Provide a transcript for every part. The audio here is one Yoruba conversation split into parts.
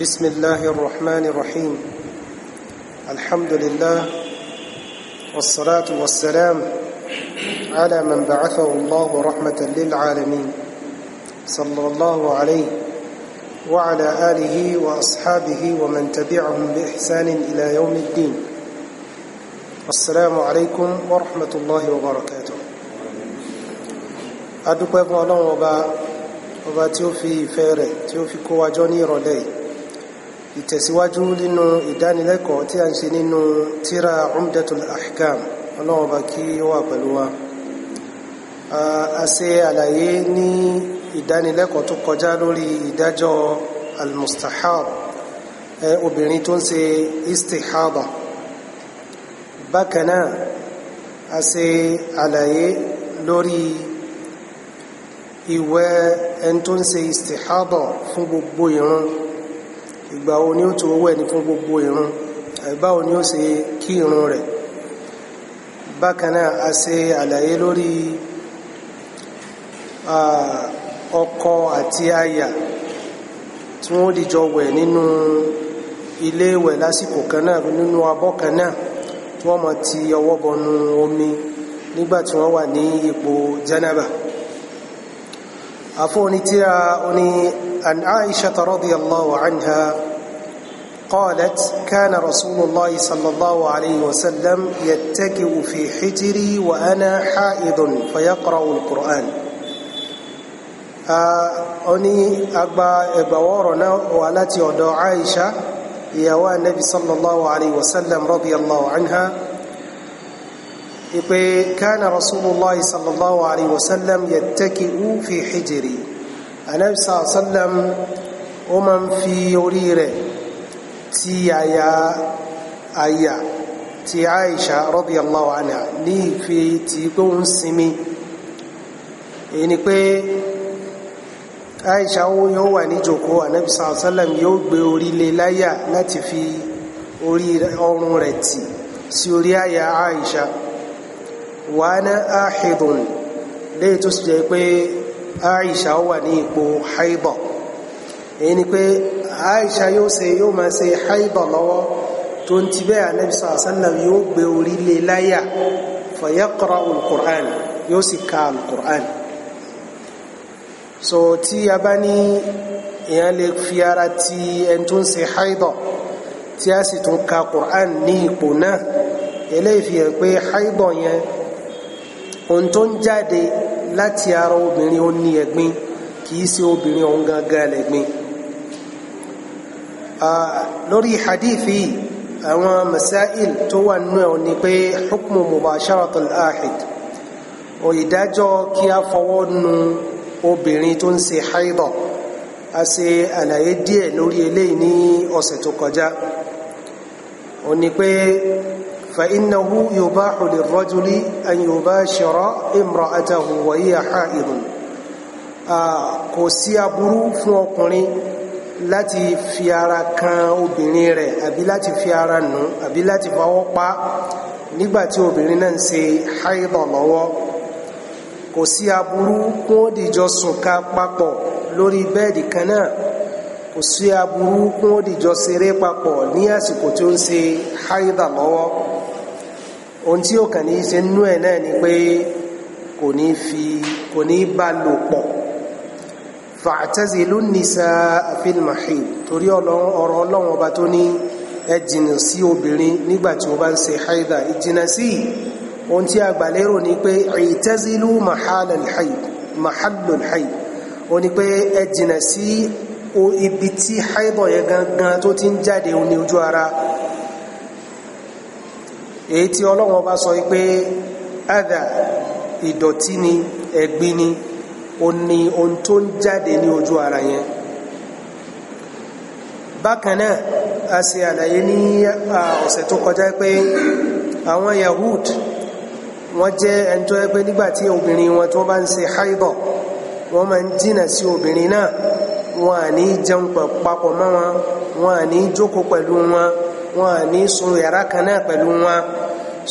بسم الله الرحمن الرحيم الحمد لله والصلاة والسلام على من بعثه الله رحمة للعالمين صلى الله عليه وعلى آله وأصحابه ومن تبعهم بإحسان إلى يوم الدين السلام عليكم ورحمة الله وبركاته أدوكم الله وبا وبا تيوفي فيري تيوفي كواجوني رولي ìtẹ̀síwájú nínú ìdánilẹ́kọ̀ọ́ tí a ń ṣe nínú tíra umdatul ahkam ọlọ́wọ́n bá kí ó wà pẹ̀lú wa a ṣe àlàyé ní ìdánilẹ́kọ̀ọ́ tó kọjá lórí ìdájọ́ almustahab obìnrin tó ń ṣe istihaba bákan a ṣe àlàyé lórí ìwẹ̀ ẹni tó ń ṣe istihaba fún gbogbo ìrun ìgbà wo ni ó tó wẹ̀ ní fún gbogbo ìrun àìbáwo ni ó ṣe kí ìrun rẹ̀ bákan náà a ṣe àlàyé lórí ọkọ àti aya tí wọ́n dìjọ wẹ̀ nínú ilé ìwẹ̀ lásìkò kan náà nínú abọ́ kan náà tí wọ́n máa ti ọwọ́ bọnu omi nígbà tí wọ́n wà ní ipò jánábà. عفوا تراني عن عائشة رضي الله عنها قالت كان رسول الله صلى الله عليه وسلم يتكئ في حجري وأنا حائض فيقرأ القرآن أني أبا أبوارنا والتي عائشة يا النبي صلى الله عليه وسلم رضي الله عنها ipe kana rasulullah sallallahu alaihi wasallam yattaki'u fi hijri anabi sallam ó ma ń fi orí rẹ̀ ti àyà àyà ti aisha radiyallahu anha ní ìfi ti pé ó ń sinmi èyí ni pé aisha ó yóò wà ní jòkó anabi sallam yóò gbé orí lé láyà láti fi orí ọrùn rẹ̀ tì sí orí àyà aisha wàánà áhìdùn léè tó sì jẹ́ pé Aisha wà ní ipò haibọ̀ èyí ni pé Aisha yóò ṣe yóò máa ṣe haibọ̀ lọ́wọ́ tó ń ti bẹ́ẹ̀ Ànábì sallam yóò gbé orí lé láyà fa yaqra'u yóò sì ka al so tí a bá ní èèyàn lè fi ara ti ẹni tó ń ṣe haibọ̀ tí a sì tún ka Qur'an ní ipò náà eléyìí fi pé haibọ̀ yẹn ohun tó ń jáde láti ara obìnrin ó ní ẹ̀gbin kìí ṣe obìnrin ọ̀hún gangan lẹ́gbin lórí hadithi àwọn masail tó wà nínú ẹ̀ ni pé hukmu mubasharatul ahid ò ìdájọ́ kí a fọwọ́ nu obìnrin tó ń ṣe haidọ̀ a ṣe àlàyé díẹ̀ lórí eléyìí ní ọ̀sẹ̀ tó kọjá ó ní pé فإنه يباح للرجل أن يباشر امرأته وهي حائض kò sí aburú fún ọkùnrin láti fi ara kan obìnrin rẹ̀ àbí láti fi ara nù àbí láti fọwọ́ pa nígbàtí obìnrin náà ń ṣe haidọ̀ lọ́wọ́ kò sí aburú kún òdìjọ sùn papọ̀ lórí bẹ́ẹ̀dì kan náà kò sí aburú kún òdìjọ ṣeré papọ̀ ní àsìkò tí ó ń ṣe haidọ̀ lọ́wọ́ ohun tí ó kàn ní í ṣe nú ẹ̀ náà ni pé kò ní fi kò ní bá lò pọ̀ fa'tazilu nisaa fil mahid torí ọ̀rọ̀ ọlọ́run ọba tó ní ẹ jìnà sí obìnrin nígbà tí ó bá ń ṣe haida ìjìnà sí ohun tí a gbà lérò ni pé i'tazilu mahalal haid haid ó ní pé ẹ jìnà sí ibi tí haida yẹn gangan tó ti ń jáde ní ojú ara èyí tí ọlọ́run ọba sọ pé ada ìdọ̀tí ni ẹ̀gbin ni ó ní ohun tó ń jáde ní ojú ara yẹn bákan náà a ṣe àlàyé ní ọ̀sẹ̀ tó kọjá pé àwọn yahood wọ́n jẹ́ ẹni tó yẹ pé nígbàtí obìnrin wọn tó bá ń ṣe haibọ̀ wọ́n máa ń jìnà sí obìnrin náà wọ́n à ní jẹun papọ̀ mọ́ wọn wọ́n à ní jókòó pẹ̀lú wọn wọn à ní sun yàrá kan náà pẹ̀lú wọn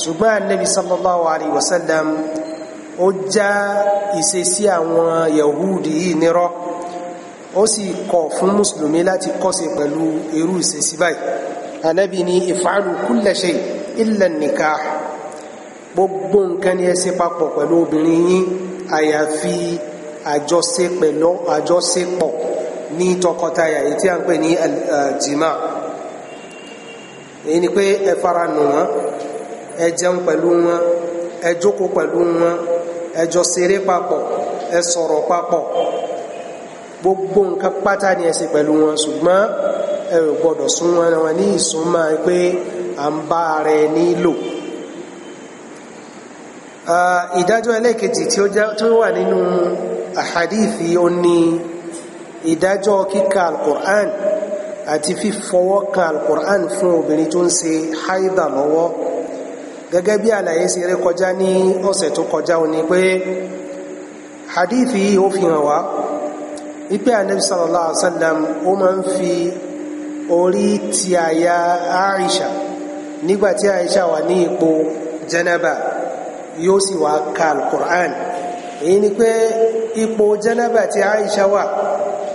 ṣùgbọ́n anabi sallallahu alayhi wa sallam ó já ìṣesí àwọn yahudi yìí nírọ́ ó sì kọ̀ fún mùsùlùmí láti kọ́ṣe pẹ̀lú irú ìṣesí báyìí anabi ní ìfàlù kulla shay illa gbogbo nǹkan ni ẹ papọ̀ pẹ̀lú obìnrin yín àyàfi àjọṣe pẹ̀lú àjọṣepọ̀ ní tọkọtaya èyí tí a ń pè ní aljima. Uh, èyí ni pé ẹ fara nù wọn ẹ jẹun pẹ̀lú wọn ẹ jókòó pẹ̀lú wọn ẹ jọ ṣeré papọ̀ ẹ sọ̀rọ̀ papọ̀ gbogbo nǹkan pátá ni ẹ ṣe pẹ̀lú wọn ṣùgbọ́n ẹ ò gbọ́dọ̀ sún wọn wọn ní ìsúnmọ́ pé à ń bá ara ẹ nílò ìdájọ́ ẹlẹ́ẹ̀kejì tí ó wà nínú àhàdíìfì ó ní ìdájọ́ kíka al àti fífọwọ́ kan alukur'an fún obìnrin tó ń ṣe haida lọ́wọ́ gẹ́gẹ́ bí àlàyé ṣe rí kọjá ní ọ̀sẹ̀ tó kọjá ó ní pé hadithi yìí ó fi hàn wá wípé anabi sallallahu alaihi wa sallam ó máa ń fi orí ti àyà aisha nígbàtí aisha wà ní ipò janaba yóò sì wá ka alukur'an èyí ni pé ipò janaba tí aisha wà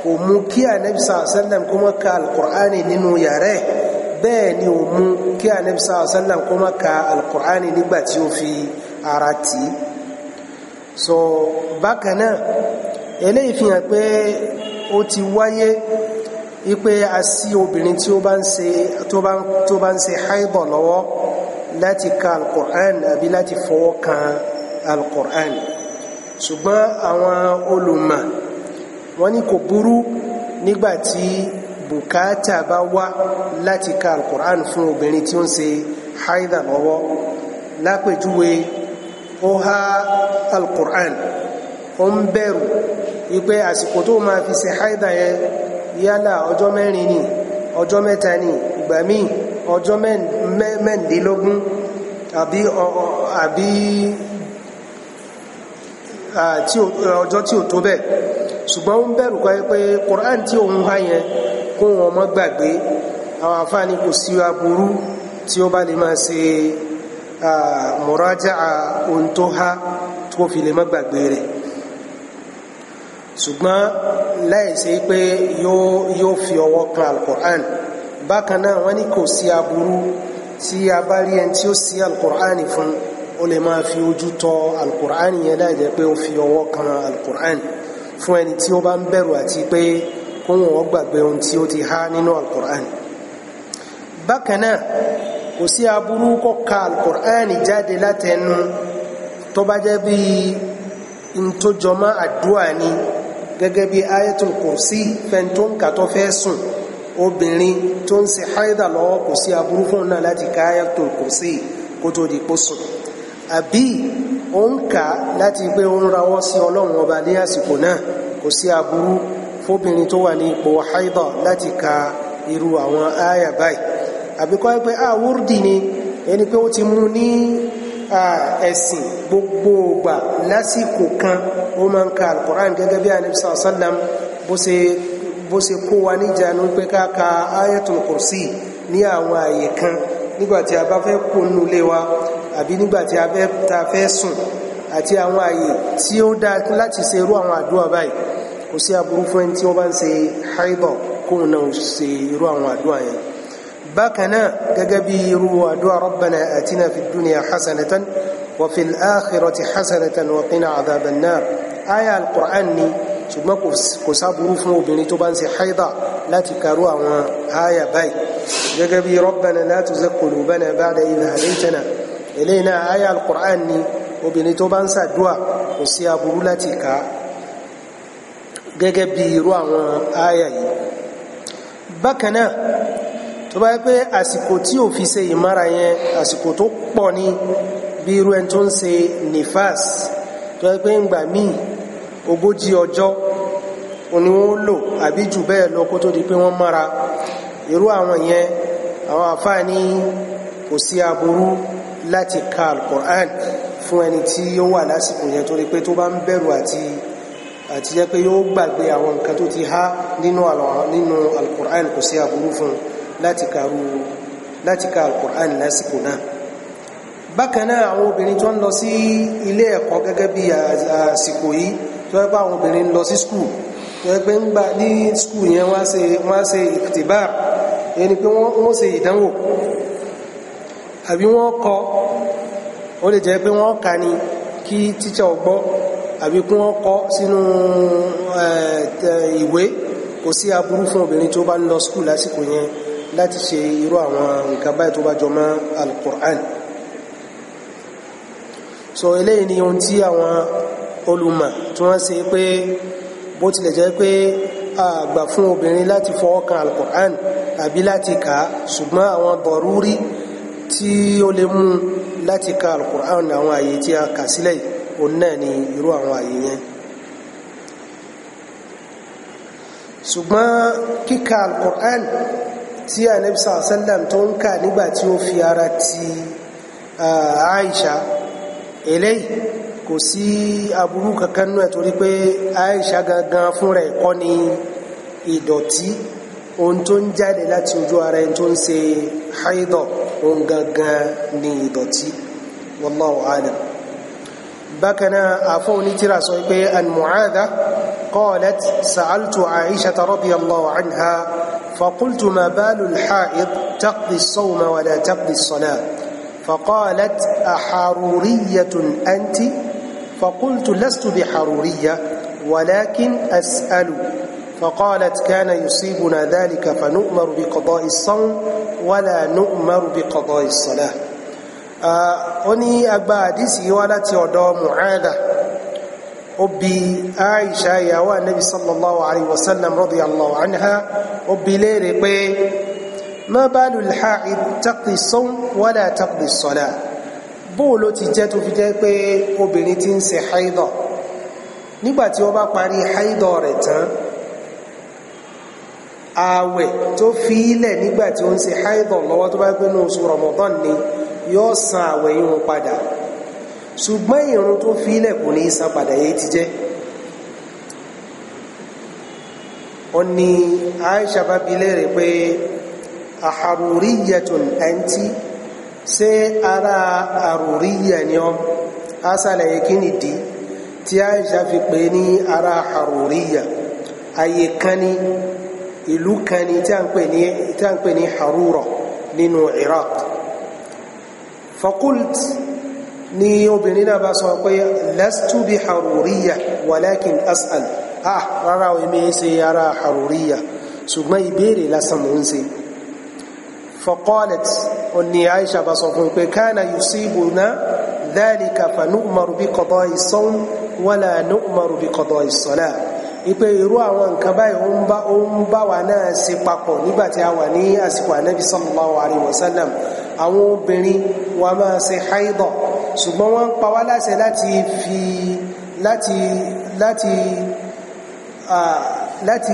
kò mú kí anabi sàásálàm kó má ka alukur'ani nínú yàrá ẹ̀ bẹ́ẹ̀ ni ò mú kí anabi sàásálàm kó má ka alukur'ani nígbà tí ó fi ara tì í so bákan náà eléyìí fi hàn pé ó ti wáyé ipe a sí obìnrin tí ó bá ń ṣe tó bá tó bá ń ṣe haibọ̀ lọ́wọ́ láti ka alukur'an àbí láti fọwọ́ kan alukur'an ṣùgbọ́n àwọn olùmọ̀ wọ́n ní kò burú nígbàtí bùkátà bá wá láti ka alukur'an fún obìnrin tí ó ń ṣe haida lọ́wọ́ lápèjúwe ó há alukur'an ó ń bẹ̀rù wípé àsìkò tó máa fi ṣe haida yẹn yálà ọjọ́ mẹ́rin ni ọjọ́ mẹ́ta ni ìgbà míì ọjọ́ mẹ́ndínlógún àbí àbí tí ọjọ́ tí ò tó bẹ́ẹ̀ ṣùgbọ́n ó ń bẹ̀rù kọ́ pé Qur'an tí òun há yẹn kó wọn mọ́ gbàgbé àwọn àfáàní kò sí aburú tí ó bá lè máa ṣe muraja'a ohun tó há tó fi lè mọ́ gbàgbé rẹ̀ ṣùgbọ́n láìsí pé yóò fi ọwọ́ kan al-Qur'an bákan náà wọ́n ní kò sí aburú tí a bá rí ẹni tí ó sí al fún ó lè máa fi ojú tọ al yẹn láì pé ó fi ọwọ́ kan al-Qur'an. al quran fún ẹni tí ó bá ń bẹ̀rù àti pé kóhùn ó gbàgbé ohun tí ó ti há nínú alukur'an bákan náà kò sí aburú kó ka alukur'an jáde látẹnu tó bá jẹ́ bí ntójọmọ́ àdúrà ni gẹ́gẹ́ bí ayatul kursi fẹ́ni tó ń kà tó fẹ́ sùn obìnrin tó ń ṣe haida lọ́wọ́ kò sí aburú fún náà láti ka ayatul kursi kó tó di kó sùn àbí ó ń kà láti pé ó ń rawọ́ sí ọlọ́run ọba ní àsìkò náà kò sí aburú fóbìnrin tó wà ní ipò haidọ̀ láti ka irú àwọn àyà báyìí àbí kọ́ pé àwúrdì ah, ni ẹni pé ó ti mú ní ẹ̀sìn gbogbo lásìkò kan ó máa ń ka alukoran gẹ́gẹ́ bí anabi sàlá bó wa níjànú pé ká ka àbí nígbà tí a fẹ́ ta fẹ́ sùn àti àwọn àyè tí ó dá láti ṣe irú àwọn àdúrà báyìí kò sí aburú fún ẹni tí wọ́n bá ń ṣe haibọ̀ kóun náà ṣe irú àwọn àdúrà yẹn bákan náà gẹ́gẹ́ bí irú àdúrà rabbana atina fid dunya hasanatan wa fil akhirati hasanatan wa qina adhaban nar ni ṣùgbọ́n kò sáburú fún obìnrin tó bá ń ṣe haida láti karú àwọn aya báyìí gẹ́gẹ́ bí rabbana la tuzigh qulubana ba'da idh hadaytana eléyìí náà àyà alukur'an ni obìnrin tó bá ń ṣàdúà kò sí aburú láti kà á gẹ́gẹ́ bí irú àwọn àyà yìí bákan tó bá yẹ pé àsìkò tí ò fi ṣe ìmára yẹn àsìkò tó pọ̀ ní bí irú ẹni tó ń ṣe nifas tó yẹ pé ń gbà míì ogójì ọjọ́ òní wọn lò àbí jù bẹ́ẹ̀ lọ kó tó di pé wọ́n mára irú àwọn yẹn àwọn àfáà ní kò sí aburú láti ka alukur'an fún ẹni tí yóò wà lásìkò yẹn torí pé tó bá ń bẹ̀rù àti àti jẹ́ pé yóò gbàgbé àwọn nǹkan tó ti há nínú nínú alukur'an kò sí aburú fún láti karu láti ka alukur'an lásìkò náà bákan náà àwọn obìnrin tó ń lọ sí ilé ẹ̀kọ́ gẹ́gẹ́ bí àsìkò yìí tó yẹ pé àwọn obìnrin ń lọ sí skul tó yẹ pé ń gbà ní skul yẹn wọ́n á ṣe ìtìbá ẹni pé wọ́n ṣe ìdánwò àbí wọ́n kọ ó lè jẹ́ pé wọ́n kà ní kí tíṣà ò gbọ́ àbí kí wọ́n kọ sínú eh, ìwé kò sí aburú fún obìnrin tó bá ń lọ skul lásìkò yẹn láti ṣe irú àwọn nǹkan báyìí tó bá jọ mọ́ alukur'an so eléyìí ni ohun tí àwọn olùmọ̀ tí wọ́n ṣe pé bó tilẹ̀ jẹ́ pé àgbà fún obìnrin láti fọwọ́ kan alukur'an àbí láti kà á ṣùgbọ́n àwọn bọ̀rúrí tí ó lè mú láti ka alukur'an àwọn àyè tí a kà sílẹ̀ òun náà ni irú àwọn àyè yẹn ṣùgbọ́n kíka alukur'an tí anabi sallam tó ń kà nígbà tí ó fi ara ti Aisha eléyìí kò sí aburú kankan náà torí pé Aisha gangan fún rẹ̀ kọ́ ni ìdọ̀tí ohun tó ń jáde láti ojú ara ẹni tó ń ṣe haidọ̀. òun gangan ní ìdọ̀tí wallahu alam bákan náà àfọ́ onítìrà sọ pé an mu'adha qalat sa'altu aisha radiyallahu anha فقلت ما بال الحائض تقضي الصوم ولا تقضي الصلاة فقالت أحرورية أنت فقلت لست بحرورية ولكن أسأل فقالت كان يصيبنا ذلك فنؤمر بقضاء الصوم ولا نؤمر بقضاء الصلاة أني أبا حديثي ولاتي أدو معاذة أبي عائشة يا النبي صلى الله عليه وسلم رضي الله عنها أبي ليري بي ما بال الحائض تقضي الصوم ولا تقضي الصلاة bóòló ti في tó fi jẹ́ pé obìnrin ti ń ṣe haidọ̀ ààwẹ̀ tó fi ilẹ̀ nígbà tí ó ń se haidọ̀ lọ́wọ́ tó bá gbé oṣù Ramadan ni yóò san àwẹ̀ irun padà ṣùgbọ́n irun tó fi ilẹ̀ kò ní san padà yé ti jẹ́ ó ní Aisha pé ni ọ kí nìdí ara ìlú kan ni tí a ń pè ní tí a ń pè ní Harura nínú Iraq fakult ni obìnrin náà bá sọ pé lastu bi Haruriya walakin as'al ah rárá o ṣe ara Haruriya ṣùgbọ́n ìbéèrè lásán mò ń ṣe فقالت أني عائشة بصفون كان يصيبنا ذلك فنؤمر بقضاء الصوم ولا نؤمر بقضاء الصلاة ipe irú àwọn nǹkan báyìí ó ń bá ó ń bá wa náà ṣe papọ̀ nígbà tí a wà ní àsìkò ànábì sallallahu alaihi wasallam àwọn obìnrin wa máa ṣe haidọ̀ ṣùgbọ́n wọ́n ń pa wá láṣẹ láti fi láti láti láti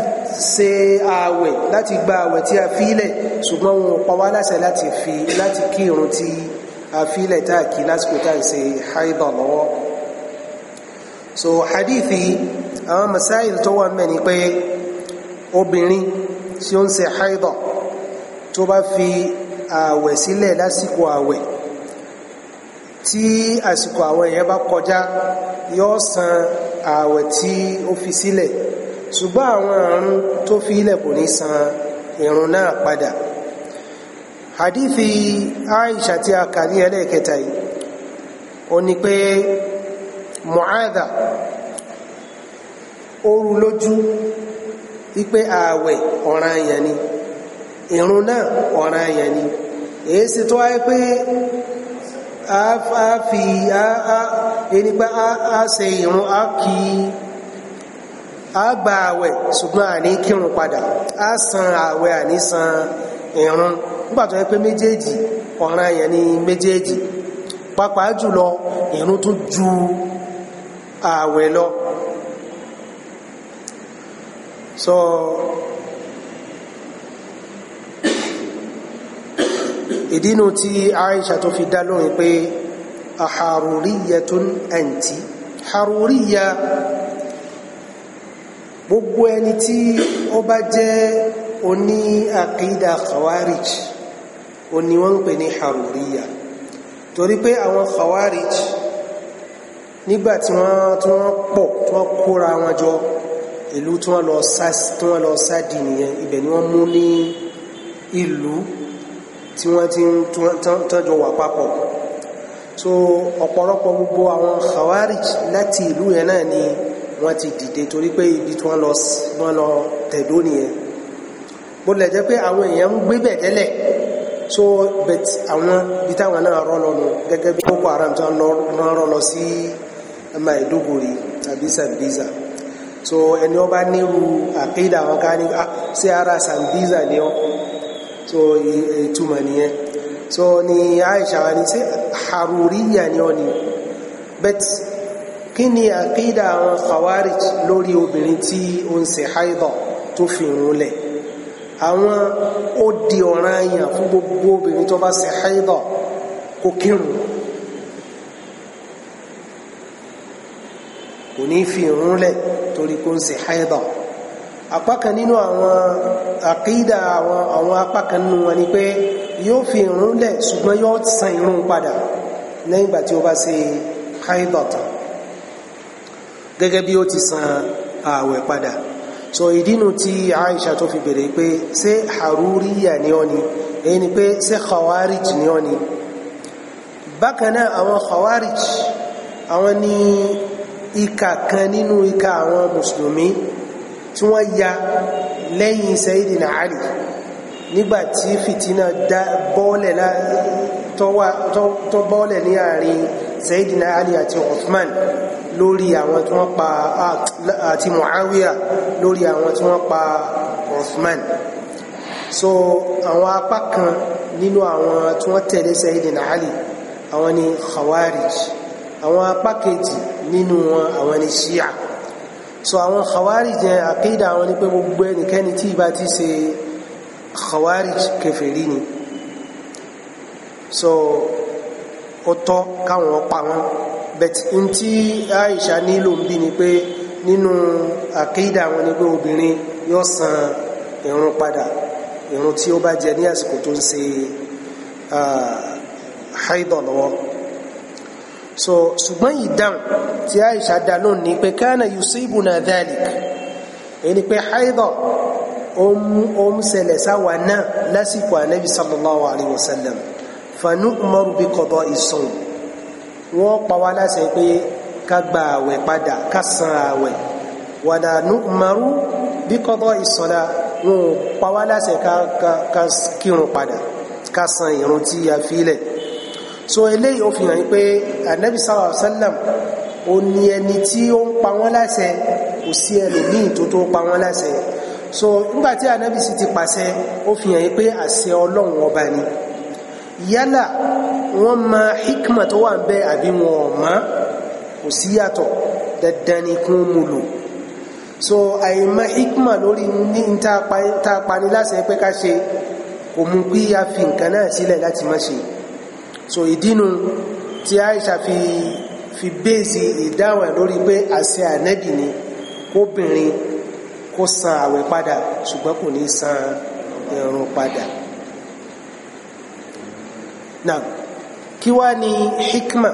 ṣe ààwẹ̀ láti gba ààwẹ̀ tí a fílẹ̀ ṣùgbọ́n wọn pa wá láṣẹ láti fi láti kí irun tí a fílẹ̀ táàkì lásìkò táà ń ṣe lọ́wọ́ so hadithi àwọn masáyìl tó wà mẹ́ ni pé obìnrin tí ó ń ṣe haidọ̀ tó bá fi ààwẹ̀ sílẹ̀ lásìkò ààwẹ̀ tí àsìkò ààwẹ̀ yẹn bá kọjá yóò san ààwẹ̀ tí ó fi sílẹ̀ ṣùgbọ́n àwọn àrùn tó fi ilẹ̀ kò ní san ìrun náà padà hadithi aisha tí a kà ní ẹlẹ́ẹ̀kẹta yìí ó ní pé mu'adha oru lójú wípé ààwẹ̀ ọ̀ràn àyàn ni ìrun náà ọ̀ràn àyàn ni èyí sì tó a fi ẹni a ṣe ìrun a kì í a gba ààwẹ̀ ṣùgbọ́n àní kírun padà a san ààwẹ̀ àní san ìrun nígbà tó yẹ pé méjèèjì ọ̀ràn àyàn ni méjèèjì pàápàá jùlọ ju ààwẹ̀ lọ so ìdínú tí Aisha tó fi dá lóhùn pé aharuriyatun anti haruriya gbogbo ẹni tí ó bá jẹ́ oní àkídà khawarij oní wọ́n ń pè ní haruriya torí pé àwọn khawarij nígbà wọ́n pọ̀ tí wọ́n kóra wọn jọ ìlú tí wọ́n lọ sá tí wọ́n lọ sá di nìyẹn ibẹ̀ ni wọ́n mú ní ìlú tí wọ́n ti ń tọ́jú wà papọ̀ so ọ̀pọ̀lọpọ̀ gbogbo àwọn khawarij láti ìlú yẹn náà ni wọ́n ti dìde torí pé ibi tí wọ́n lọ wọ́n lọ tẹ̀dó nìyẹn bó lẹ̀ jẹ́ pé àwọn èèyàn ń gbé bẹ̀ tẹ́lẹ̀ so bet àwọn ibi táwọn náà rọ́ lọ́nu gẹ́gẹ́ bí Boko Haram tí wọ́n rọ́ lọ sí Maiduguri àbí Sambisa so ẹni wọn bá nírú àkídà wọn ní ah, ṣé ara sandiza ni wọn so ìtumọ̀ nìyẹn so ni Aisha wa ni ṣé haruriya ni wọn ni bet kí ni àkídà àwọn khawarij lórí obìnrin tí ó ń ṣe haidọ̀ tó fi rún lẹ̀ àwọn ó di ọ̀ranyàn fún gbogbo obìnrin tó bá ṣe haidọ̀ kó kírun kò ní fi ìrun lẹ̀ torí kó ń ṣe haida apá kan nínú àwọn àkídà àwọn àwọn apá kan nínú wọn ni pé yóò fi ìrun lẹ̀ ṣùgbọ́n yóò san ìrun padà lẹ́yìn ìgbà tí ó bá ṣe haida tán gẹ́gẹ́ bí ó ti san ààwẹ̀ padà so ìdínú tí Aisha tó fi bèrè pé ṣé haruriya ni ó ni èyí ni pé ṣé khawarij ni ó ni bákan náà àwọn khawarij àwọn ni ìka kan nínú ìka àwọn mùsùlùmí tí wọ́n ya lẹ́yìn Sayyidina Ali nígbàtí fìtínà dá bọ́ọ̀lẹ̀ tó bọ́ọ̀lẹ̀ ní àárín Sayyidina Ali àti Uthman lórí àwọn tí wọ́n pa àti Muawiya lórí àwọn tí wọ́n pa Uthman so àwọn apá kan nínú àwọn tí wọ́n tẹ̀lé Sayyidina Ali àwọn ni Khawarij àwọn apá kejì nínú wọn àwọn ni ṣíà so àwọn khawarij yẹn àkídà àwọn ni pé gbogbo ẹnikẹ́ni tí ìbá ti ṣe khawarij kèfèrí ni so ó tọ́ káwọn pa wọn but n tí Aisha nílò ń bí ni pé nínú àkídà àwọn ni pé obìnrin yóò san irun padà irun tí ó bá jẹ ní àsìkò tó ń ṣe ah, haidọ̀ lọ́wọ́ so ṣùgbọ́n ìdáhùn tí Aisha dá lóhùn ní pé kánà yusibuna dhalik ẹni pé haidha ó ń ṣẹlẹ̀ sáwà náà lásìkò ànábi sallallahu alayhi wa sallam fanu'maru bi qada'i sawm wọ́n pa wá láṣẹ pé ká gba àwẹ̀ padà ká san àwẹ̀ wala nu'maru bi qada'i salat wọn ò pa wá láṣẹ ká kírun padà ká san ìrun tí so eléyìí ó fi hàn pé anabi sallallahu alayhi wa sallam ó ní ẹni tí ó ń pa wọ́n láṣẹ kò sí ẹlòmíì tó tó pa wọ́n láṣẹ so nígbà tí anabi sì ti pàṣẹ ó fi hàn pé àṣẹ ọlọ́run ọba ni yálà wọ́n mọ hikma tó wà ń bẹ àbí wọn ò mọ̀ kò sí yàtọ̀ dandan ni kún mu lò so àìmọ̀ hikma lórí ní ta pani láṣẹ pé ká ṣe kò mú kí a fi nǹkan náà sílẹ̀ láti má ṣe so ìdínú tí Aisha fi fi béèsì ìdáhùn ẹ̀ lórí pé àṣẹ ànẹ́bì ni kóbìnrin kó san àwẹ̀ padà ṣùgbọ́n kò ní san ẹ̀rùn padà náà kí wá ni hikma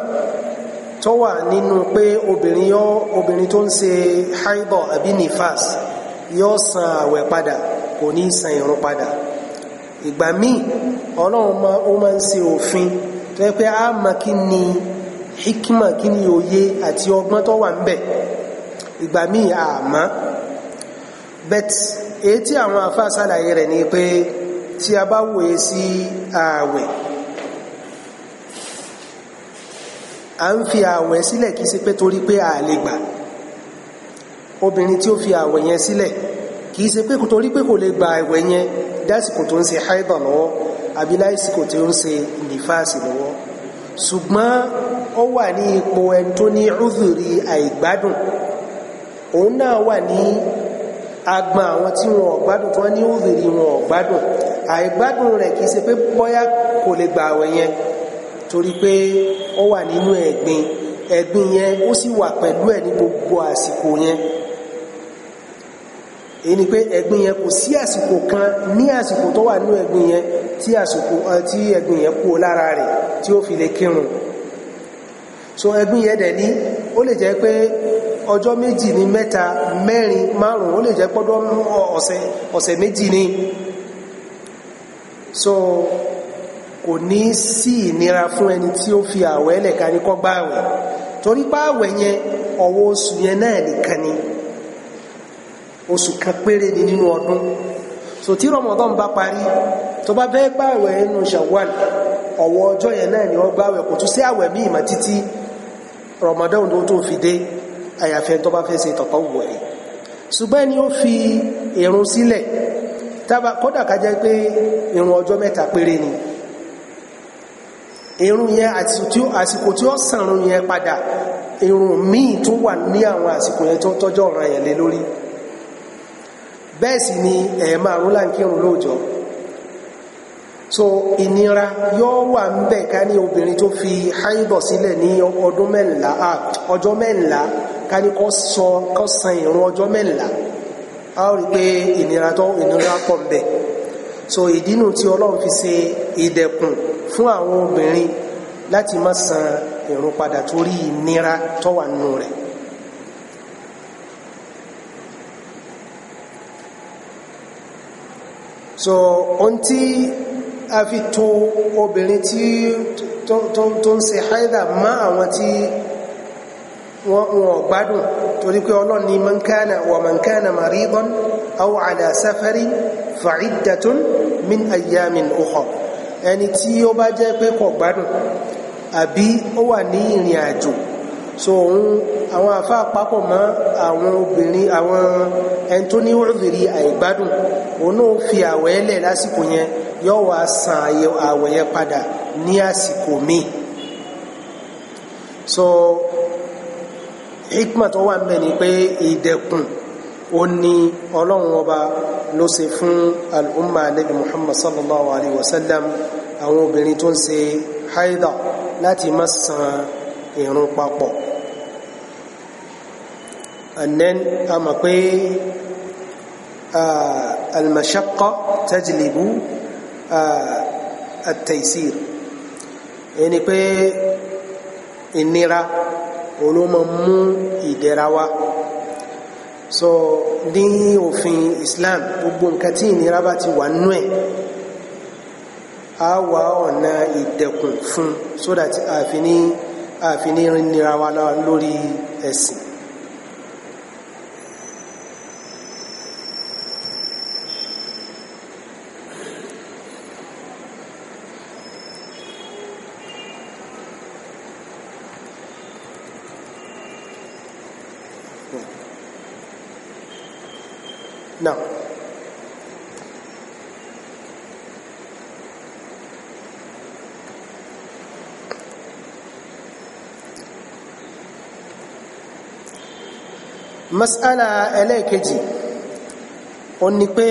tó wà nínú pé obìnrin yọ obìnrin tó ń ṣe haibọ àbí nifas yọ san àwẹ̀ padà kò ní san ẹ̀rùn padà ìgbà míì ọlọ́run ó máa ń ṣe òfin tó yẹ a mọ̀ kí ni hikima kí ni òye àti ọgbọ́n tó wà ń bẹ̀ ìgbà míì àmọ́ bet èyí tí àwọn afá sàlàyé rẹ̀ ni pé tí a bá wòye sí ààwẹ̀ a ń fi ààwẹ̀ sílẹ̀ kìí ṣe pé torí pé a lè gbà obìnrin tí ó fi ààwẹ̀ yẹn sílẹ̀ kìí ṣe pé torí pé kò lè gba ààwẹ̀ yẹn dásìkò tó ń ṣe haibà lọ́wọ́ àbí láìsíkò tí ó ń ṣe nífàsì lọ́wọ́ ṣùgbọ́n ó wà ní ipò ẹni tó ní rúdùrí àìgbádùn òun náà wà ní agbọn àwọn tí wọn ò gbádùn tí wọn ní rúdùrí wọn ò gbádùn àìgbádùn rẹ̀ kìí ṣe pé bóyá kò lè gbà àwẹ̀ yẹn torí pé ó wà nínú ẹ̀gbin ẹ̀gbin yẹn ó sì wà pẹ̀lú ẹ̀ ní gbogbo àsìkò yẹn èyí ni pé ẹ̀gbin yẹn kò sí àsìkò kan ní àsìkò tó wà nínú ẹ̀gbin yẹn tí àsìkò eh, tí ẹ̀gbin yẹn kú lára rẹ̀ tí ó fi lè kírun so ẹ̀gbin yẹn dẹ̀ ní ó lè jẹ́ pé ọjọ́ méjì ní mẹ́ta mẹ́rin márùn ó lè jẹ́ pọ́dọ́ ọ̀sẹ̀ ọ̀sẹ̀ méjì ní so kò ní sí ìnira fún ẹni tí ó fi àwẹ̀ lẹ̀ka ní kọ́gbà àwẹ̀ torí pé àwẹ̀ yẹn ọwọ́ oṣù yẹn náà nìkan ni oṣù kan péré ni nínú ọdún so tí Ramadan bá parí tó bá fẹ́ gbàwẹ̀ nínú Shawwal ọ̀wọ́ ọjọ́ yẹn náà ni wọ́n gbàwẹ̀ kò tún sí àwẹ̀ míì mà títí Ramadan tó tó fi dé àyàfẹ́ tó bá fẹ́ ṣe tọ̀tọ̀ wù ẹ̀ ṣùgbọ́n ni ó fi ìrun sílẹ̀ tába kódà ká jẹ́ pé ìrun ọjọ́ mẹ́ta péré ni ìrun yẹn àsìkò tí ó sàrun yẹn padà ìrun míì tún wà ní àwọn àsìkò yẹn tó tọ́jọ́ ọ̀ràn yẹn lé lórí bẹ́ẹ̀ sì ni ẹ̀ẹ̀ máa lóòjọ́ so ìnira yóò wà ń bẹ̀ ká ní obìnrin tó fi haibọ̀ sílẹ̀ ní ọdún mẹ́ńlá ọjọ́ mẹ́ńlá ká ní kó sọ kó san ìrun ọjọ́ mẹ́ńlá a ó rí pé ìnira tó ìnira pọ̀ ń bẹ̀ so ìdínú tí ọlọ́run fi ṣe ìdẹ̀kùn fún àwọn obìnrin láti má san ìrun padà torí ìnira tó wà nù rẹ̀ so ohun tí a fi to obìnrin tí tó ń ṣe haida má àwọn tí wọn gbádùn torí pé ọlọ́ni mankana wa mankana maridan aw ala safarin fa'iddatun min ayyamin ukhra ẹni tí ó bá jẹ́ pé kò gbádùn àbí ó wà ní ìrìn àjò so àwọn àfáà papọ̀ mọ́ àwọn obìnrin àwọn ẹni tó ní òrìrì àìgbádùn òun náà fi àwẹ̀ lásìkò yẹn yóò wá san àwẹ̀ yẹn padà ní àsìkò míì so hikma tó wà ń bẹ ni pé ìdẹ̀kùn ó ní ọlọ́run ọba ló ṣe fún al'umma nabi muhammad sallallahu alaihi wasallam àwọn obìnrin tó ń ṣe haida láti má san ìrun papọ̀ and then a mọ̀ pé ah, al tajlibu at-taysir ẹni pé ìnira òun mú ìdẹ̀ra wá so ní òfin Islam gbogbo nǹkan tí ìnira bá ti wà nú ẹ̀ a wà ọ̀nà ìdẹ̀kùn fún so that àfi ní àfi ní nira wa lórí ẹ̀sìn masala ẹlẹ́ẹ̀kejì ó ní pé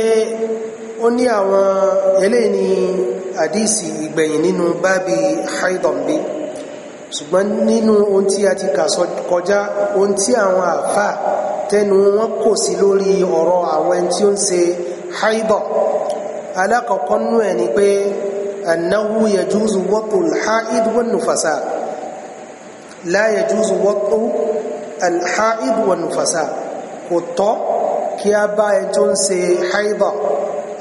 ó ní àwọn eléyìí ni àdíìsì ìgbẹ̀yìn nínú bábi haidambi ṣùgbọ́n nínú ohun tí a ti kà kọjá ohun tí àwọn àfà tẹnu wọn kò sí lórí ọ̀rọ̀ àwọn ẹni tí ó ń ṣe haidọ̀ alákọ̀ọ́kọ́ nú ẹ̀ ni pé annahu yajuzu wọ́pù haid wan wọ́pù alhaid wa nufasa kò tọ́ kí a bá ẹni tó ń ṣe haidọ̀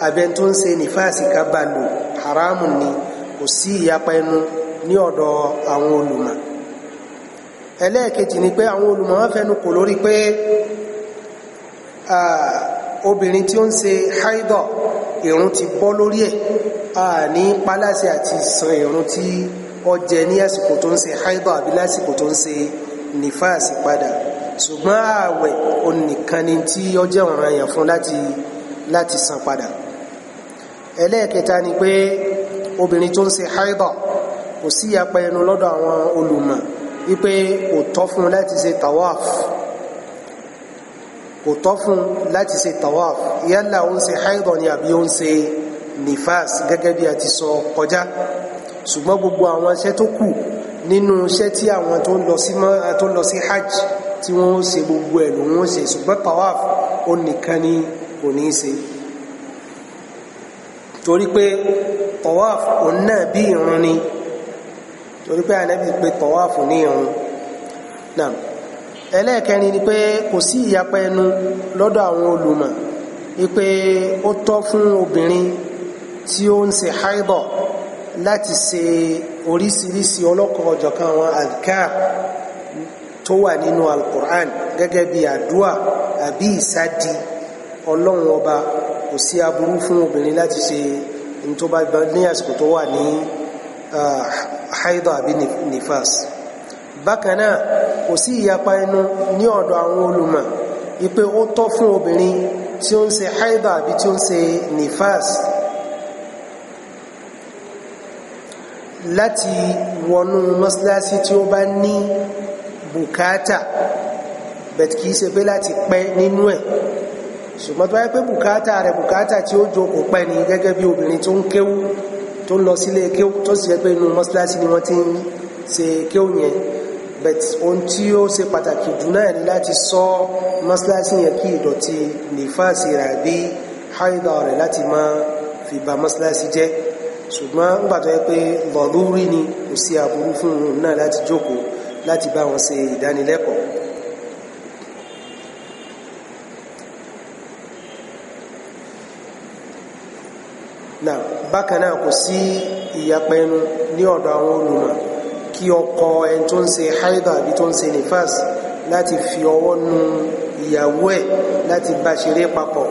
àbí ẹni tó ń ṣe nífàsì ká bá lò haramu ni kò sí ìyapa ẹnu ní ọ̀dọ̀ àwọn olùmọ̀ ẹlẹ́ẹ̀kejì ni pé àwọn olùmọ̀ wọn fẹnu kò lórí pé obìnrin tí ó ń ṣe haidọ̀ ìrun ti bọ́ lórí ẹ̀ ní paláṣẹ àti san ìrun tí ó ní àsìkò tó ń ṣe haidọ̀ àbí lásìkò tó ń ṣe haidọ̀ nífàsì padà ṣùgbọ́n ààwẹ̀ onìkan ni tí ó jẹ́ ọ̀ranyàn fún láti láti san padà ẹlẹ́ẹ̀kẹta ni pé obìnrin tó ń ṣe haidọ̀ kò sí apẹ ẹnu lọ́dọ̀ àwọn olùmọ̀ wípé kò tọ́ fún láti ṣe tawaf kò tọ́ fún láti ṣe tawaf yálà ó ń ṣe haidọ̀ ni àbí ó ń ṣe nífàsì gẹ́gẹ́ bí a ti sọ kọjá ṣùgbọ́n gbogbo àwọn iṣẹ́ tó kù nínú iṣẹ́ tí àwọn tó ń lọ sí hajj tí wọ́n ṣe gbogbo ẹ̀ lòun ó ṣe ṣùgbọ́n tawaf ó nìkan ni kò ní ṣe torí pé tawaf òun náà bí irun ni torí pé ànábì pé tawaf ní irun náà ẹlẹ́ẹ̀kẹrin ni pé kò sí ìyapa ẹnu lọ́dọ̀ àwọn olùmọ̀ wípé ó tọ́ fún obìnrin tí ó ń ṣe haidọ̀ láti ṣe oríṣiríṣi ọlọ́kọ̀ ọ̀jọ̀kan àwọn alkar tó wà nínú alkur'an gẹ́gẹ́ bí àdúà àbí ìsádi ọlọ́run ọba kò sí aburú fún obìnrin láti ṣe tó bá ní àsìkò tó wà ní haidọ àbí nifas bákan náà kò sí ìyapa inú ní ọ̀dọ̀ àwọn olùmọ̀ wípé ó tọ́ fún obìnrin tí ó ń ṣe haidọ àbí tí ó ń ṣe nifas láti wọnú mọ́sálásí tí ó bá ní bùkátà bẹ̀t kìí ṣe pé láti pẹ́ nínú ẹ̀ ṣùgbọ́n tó yẹ pé bùkátà rẹ̀ bùkátà tí ó jókòó pẹ́ ni gẹ́gẹ́ bí obìnrin tó ń kéwú tó ń lọ sílé kéwú tó sì yẹ pé inú mọ́sálásí ni wọ́n ti ń ṣe kéwú yẹn bẹ̀t ohun tí ó ṣe pàtàkì jù náà ni láti ṣọ́ mọ́sálásí yẹn kí ìdọ̀tí nífàsì rà bí háìdà rẹ̀ láti máa fi ba mọ́sálásí jẹ́ ṣùgbọ́n nígbà tó yẹ pé bọ̀lúrí ni kò sí aburú fún òun náà láti jókòó láti bá wọn ṣe ìdánilẹ́kọ̀ọ́ náà bákan náà kò sí ìyapa ẹnu ní ọ̀dọ̀ àwọn olùmọ̀ kí ọkọ ẹni tó ń ṣe haida àbí tó ń ṣe nifas láti fi ọwọ́ nu ìyàwó ẹ̀ láti bá ṣeré papọ̀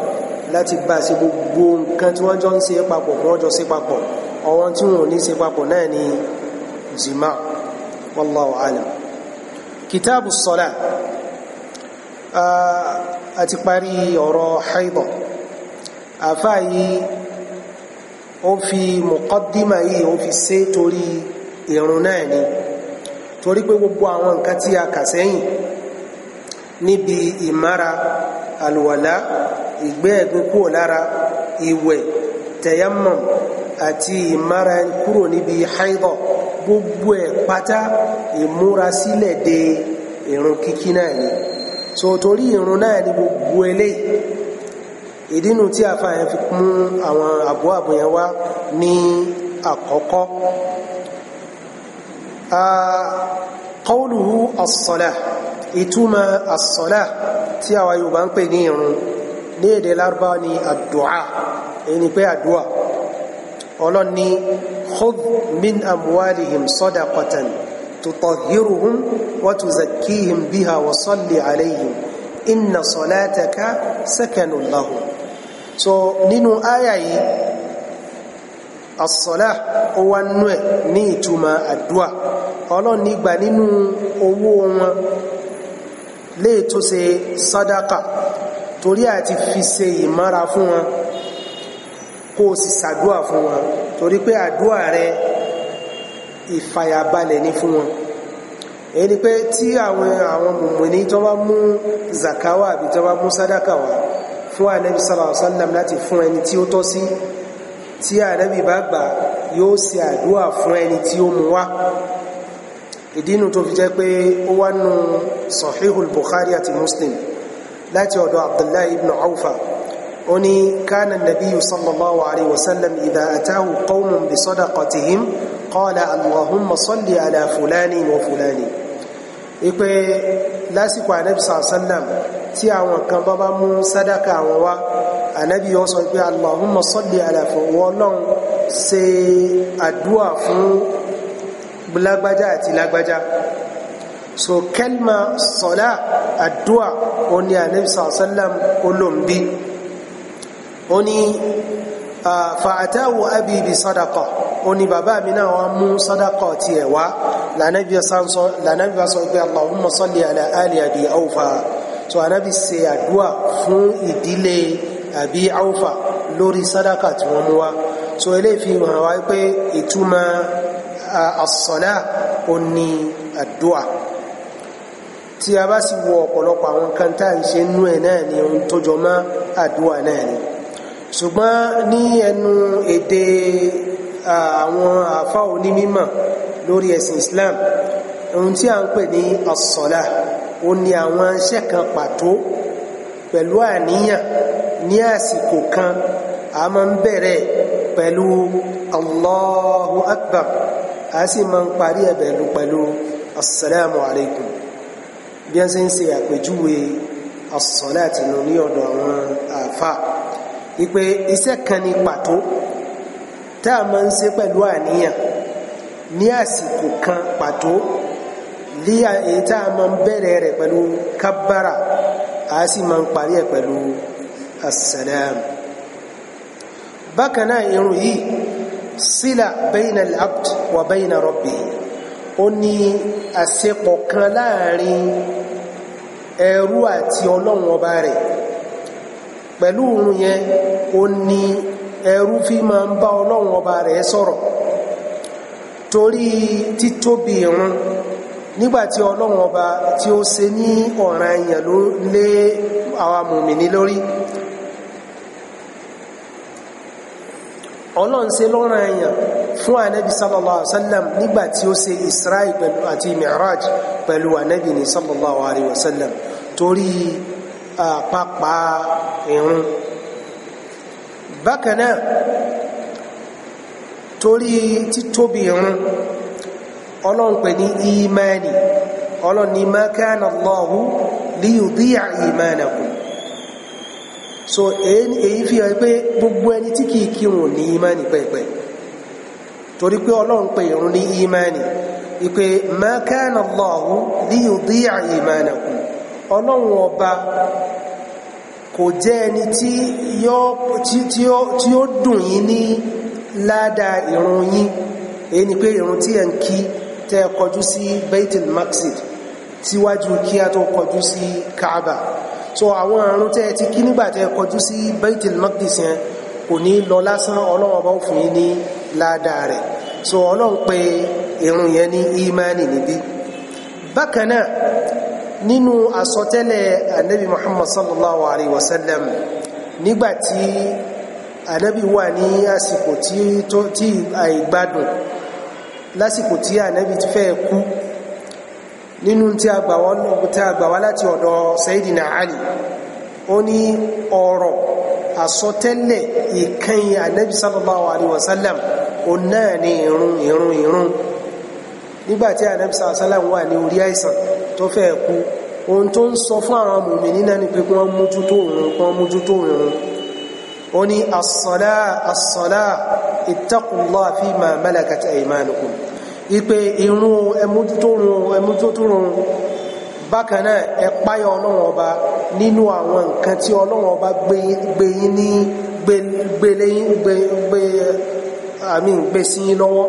láti bá ṣe gbogbo nǹkan tí wọ́n jọ ń ṣe papọ̀ wọ́n jọ ṣe papọ̀ ọwọ́n tí wọn ò ní ṣe papọ̀ náà ni jimá wallahu alam kitabu sọ́lá àti ah, parí ọ̀rọ̀ haibọ̀ àfáà yìí ó fi muqaddima yìí ó fi ṣe torí ìrun náà ni torí pé gbogbo àwọn nǹkan tí a kà sẹ́yìn níbi ìmára àlùwàlá ìgbẹ́ ẹ̀gbẹ́ kúrò lára ìwẹ̀ tẹ̀yẹ́mọ̀mù àti ìmára kúrò níbi haidọ̀ gbogbo ẹ̀ pátá ìmúra sílẹ̀ de ìrun kíkí náà ni so torí ìrun náà ni gbogbo eléyìí ìdínú tí àfààyàn fi mú àwọn àbọ̀ àbòyàn wá ní àkọ́kọ́ qawluhu as ìtumọ̀ as tí àwa Yorùbá ń pè ní ìrun ní èdè lárúbá ni àdúà èyí pé àdúà ọlọ́ni khud min amwalihim sadaqatan tutahhiruhum wa tuzakkihim biha wa salli alayhim inna salataka sakanun lahum so nínú àyà yìí asọ́lá ó wá nú ẹ̀ ní ìtumọ̀ àdúà ọlọ́ni gbà nínú owó wọn léè tó ṣe sàdákà torí àti fi ṣe ìmára fún wọn kó o sì ṣàdúà fún wọn torí pé àdúà rẹ ìfàyàbalẹ̀ ni fún wọn èyí ni pé tí àwọn àwọn mùmùní tó bá mú zakawa àbí tó bá mú sadaka wá fún anabi sallallahu alayhi wa sallam láti fún ẹni tí ó tọ́ sí tí anabi bá gbà yóò ṣe àdúà fún ẹni tí ó mú wá ìdínú tó fi jẹ́ pé ó wá nù sahihul bukhari àti muslim láti ọ̀dọ̀ abdullahi ibn awfa أني كان النبي صلى الله عليه وسلم إذا أتاه قوم بصدقتهم قال اللهم صل على فلان وفلان ipe lásìkò ànábì sàásánlám tí àwọn kan bá bá mú sádàkà àwọn wá ànábì yóò sọ pé allahumma salli ala Ọlọ́run ṣe àdúà fún lágbájá àti lágbájá so kelma sọlá àdúà ó ní ànábì sàásánlám ó ní fàátáwò abìbì sọ́dakọ̀ ó ní bàbá mi náà wọ́n mú sọ́dakọ̀ ti ẹ̀ wá lànàbí sọ pé Allahumma salli ala ali abi awfa so anábì ṣe àdúà fún ìdílé àbí awfa lórí sọ́dakọ̀ tí wọ́n mú wá so ilé fi hàn wá pé ìtumọ̀ as-salah ó tí a bá sì wọ ọ̀pọ̀lọpọ̀ àwọn kan tá à ń ṣe nú ẹ̀ náà ni ohun tó jọ mọ́ àdúà náà ni ṣùgbọ́n ní ẹnu èdè àwọn àfá onímímọ̀ lórí ẹ̀sìn Islam ohun tí a ń pè ní as-sala ó ní àwọn iṣẹ́ kan pàtó pẹ̀lú àníyàn ní àsìkò kan a máa ń bẹ̀rẹ̀ pẹ̀lú Allahu Akbar a sì máa ń parí ẹ̀bẹ̀lú pẹ̀lú assalamu alaikum bí a ṣe ń ṣe àpèjúwe as-salati nínú ní ọ̀dọ̀ àwọn àfáà ìpè iṣẹ́ kan ní pàtó tá a máa ń ṣe pẹ̀lú àníyàn ní àsìkò kan pàtó lí èyí tá a máa ń bẹ̀rẹ̀ rẹ̀ pẹ̀lú kábàrà a sì máa ń parí ẹ̀ pẹ̀lú assalam bákan náà irun yìí sílà bayna al-abd wa bayna ó ní àṣepọ̀ kan láàrin ẹrú àti ọlọ́run ọba rẹ̀ pẹ̀lú òun yẹn o ní ẹrú fi máa ń bá ọlọ́run ọba rẹ̀ sọ̀rọ̀ torí títóbi ìrun nígbàtí ọlọ́run ọba tí ó ṣe ní ọ̀ràn èèyàn ló lé àwa mùmìnì lórí ọlọ́run ṣe lọ́ràn èèyàn fún ànábì sallallahu alaihi wasallam nígbàtí ó ṣe Isra'i àti Mi'raj pẹ̀lú ànábì ní sallallahu wa sallam torí pápá irun bákan náà torí títóbi irun ọlọ́run pè ní ìmáàni ọlọ́run ní so èyí fi hàn pé gbogbo ẹni tí kìí ní pẹ̀pẹ̀ torí pé ọlọ́run pè irun ní ọlọ́run ọba kò jẹ́ ẹni tí yóò dùn yín ní ládàá ìrun yín èyí ni pé ìrun tí ẹ̀ ń kí tẹ́ kọjú sí baitul maqsid síwájú kí a tó kọjú sí kaaba so àwọn àrùn tẹ́ ti kí nígbà tẹ́ kọjú sí baitul maqdis yẹn kò ní lọ lásán ọlọ́run ọba fún yín ní ládàá rẹ̀ so ọlọ́run pé ìrun yẹn ní imani níbí bákan náà nínú àsọtẹ́lẹ̀ anabi muhammad sallallahu alayhi wa sallam nígbàtí anabi wà ní àsìkò tí àìgbádùn lásìkò tí anabi ti fẹ́ kú nínú tí a gbà wá láti ọ̀dọ̀ sayidina ali ó ní ọ̀rọ̀ àsọtẹ́lẹ̀ ìkẹyìn anabi sallallahu alayhi wa sallam ó náà ní ìrun ìrun ìrun nígbàtí anabi sallallahu alayhi wa wà ní orí àìsàn tó fẹ́ kú ohun tó ń sọ fún àwọn mùmínì náà ni pé kí wọ́n mójútó òun kí wọ́n mójútó òun ó ní as-sala as-sala ittaqullah fima malakat aymanukum ipe irun ẹmójútó òun ẹmójútó òun bákan ọlọ́run ọba nínú àwọn nǹkan tí ọlọ́run ọba gbé ní gbélé gbé sí lọ́wọ́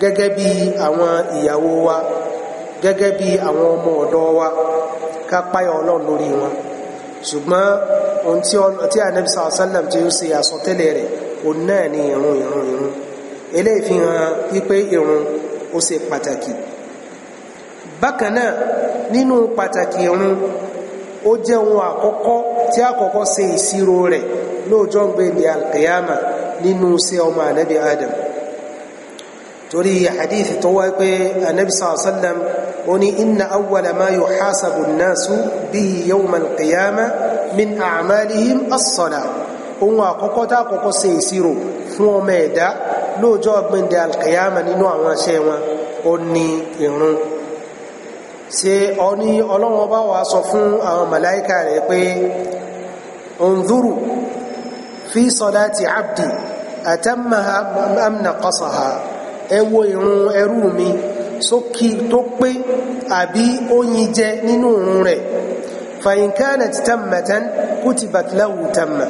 gẹ́gẹ́ bí àwọn ìyàwó wa gẹ́gẹ́ bí àwọn ọmọ ọ̀dọ́ wa ká páyọ̀ ọlọ́run lórí wọn ṣùgbọ́n ohun tí anabi sàlọ́ sálàm tí ó ṣe àsọtẹ́lẹ̀ rẹ̀ òun náà ni ìrun ìrun ìrun eléyìí fi hàn wípé ìrun ó ṣe pàtàkì bákan náà nínú pàtàkì ìrun ó jẹ́ ohun àkọ́kọ́ tí àkọ́kọ́ ṣe ìṣirò rẹ̀ lóòjọ́ ń gbé ní alkiyama nínú ṣe ọmọ anabi adam torí hadith tó wáyé pé anabi sallallahu أني إن أول ما يحاسب الناس به يوم القيامة من أعمالهم الصلاة ohun àkọ́kọ́ tá àkọ́kọ́ ṣe ìṣirò fún ọmọ ẹ̀dá lóòjọ́ ọgbẹ̀ndẹ̀ alkiyama nínú àwọn aṣẹ́ wọn ó ní ìrun ṣe ọní ọlọ́run ọba wa sọ fún àwọn màláíkà rẹ̀ pé unzuru fi salati abdi atammaha am naqasaha ẹ wo ìrun ẹrú mi sókè tó pé àbí oyin jẹ nínú òun rẹ̀ fàyínkáàna ti tàmàtàn kú ti bàtìláwù tàmà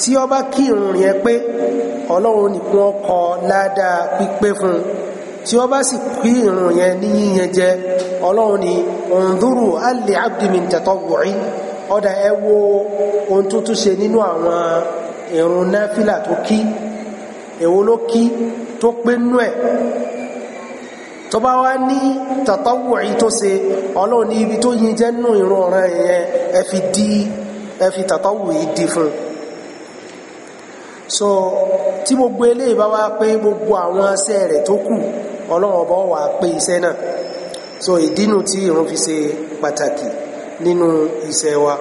tí ó bá kí irun yẹn pé ọlọ́run nìkan ọkọ̀ ládàá pípé fún un tí ó bá sì kí irun yẹn ní yíyan jẹ ọlọ́run ni òǹdúrù alẹ́ abdimin tẹ̀tọ́gbọ̀rí ọ̀dà ẹ ohun tó tún ṣe nínú àwọn irun náfìlà tó kí èwo ló kí tó pé nú ẹ̀ tó bá wá ní tàtọ́wù èyí tó ṣe ọlọ́run ní ibi tó yin jẹ́ nù ìrun ọ̀ràn yẹn ẹ fi di tàtọ́wù yìí di fún so tí gbogbo eléyìí bá wá pé gbogbo àwọn iṣẹ́ rẹ̀ tó kù ọlọ́run wà pé iṣẹ́ náà so ìdínú tí ìrun fi se pàtàkì nínú iṣẹ́ wa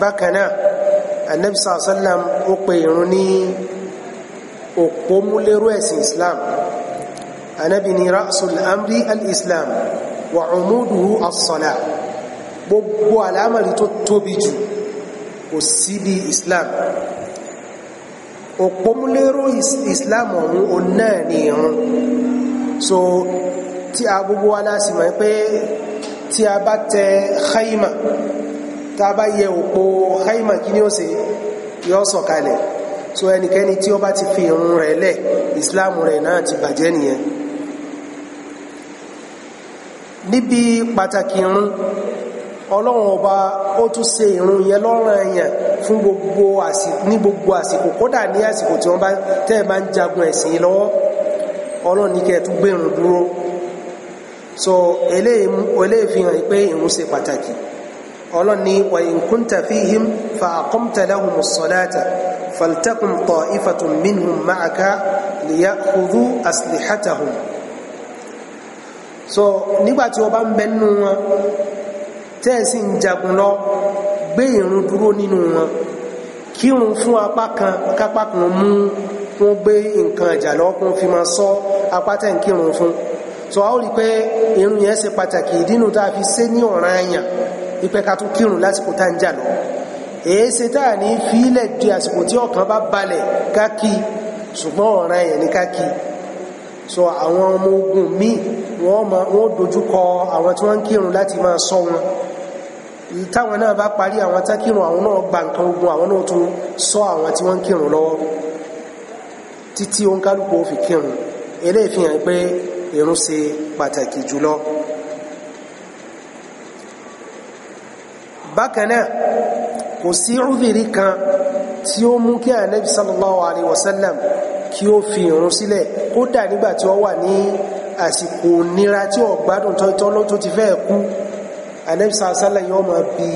bákan náà anabisa sallam ó pe ìrun ní òpómúlérú ẹ̀sìn islam anábì ní ra'sul amri al-islam wa umuduhu as-salah gbogbo alámàrí tó tóbi jù kò sí bí islam òpómúlérò islam ọ̀hún o náà ni ìrun so tí a gbogbo wa láti mọ̀ pé tí a bá tẹ khaima tá bá yẹ òpó khaima kí ni ó ṣe yọ sọ̀kalẹ̀ so ẹnikẹ́ni tí ó bá ti fi ìrun rẹ̀ lẹ̀ islam rẹ̀ náà ti bàjẹ́ nìyẹn níbi pàtàkì irun ọlọ́run ọba ó tún ṣe irun yẹn lọ́rùn èèyàn fún gbogbo àsìkò ní gbogbo àsìkò kódà ní àsìkò tí wọ́n bá tẹ́ bá ń jagun ẹ̀sìn lọ́wọ́ ọlọ́run ní kẹ́ tún gbé irun dúró so eléyìí fi hàn pé irun ṣe pàtàkì ọlọ́run ní wa in kunta fihim fa aqamta lahumus salata faltakum ta'ifatun minhum ma'aka liya'khudhu aslihatahum so nígbàtí ọba ń bẹ wọn tẹ́ẹ̀sì ń jagun lọ gbé ìrun dúró nínú wọn kírun fún apá kan kápá kan mú wọn gbé nǹkan ìjà lọ kún fi máa sọ apá tẹ̀ fún so a ó rí pé ìrun yẹn ṣe pàtàkì ìdínú tá a fi ṣe ní ọ̀ràn àyàn ìpẹ́ ká tún kírun lásìkò tá ń jà lọ èé tá a ní fílẹ̀ di àsìkò tí ọkàn bá balẹ̀ ká ṣùgbọ́n ọ̀ràn àyàn ní ká so àwọn ọmọ ogun míì wọ́n ma wọ́n dojúkọ àwọn tí wọ́n ń kírun láti máa ṣọ́ wọn táwọn náà bá parí àwọn tá kírun àwọn náà gba nǹkan ogun àwọn náà tún ṣọ́ àwọn tí wọ́n ń kírun lọ́wọ́ títí oníkálukú ó fi kírun eléyìí fi hàn pé irun ṣe pàtàkì jùlọ. bákan náà kò sí udhiri kan tí ó mú kí ànábì sallallahu alayhi wa sallam kí ó fi irun sílẹ̀ kódà nígbà tí ó wà ní àsìkò nira tí ó gbádùn tọ́lọ́ tó ti fẹ́ kú anẹ́bísà sálẹ̀ yóò máa bi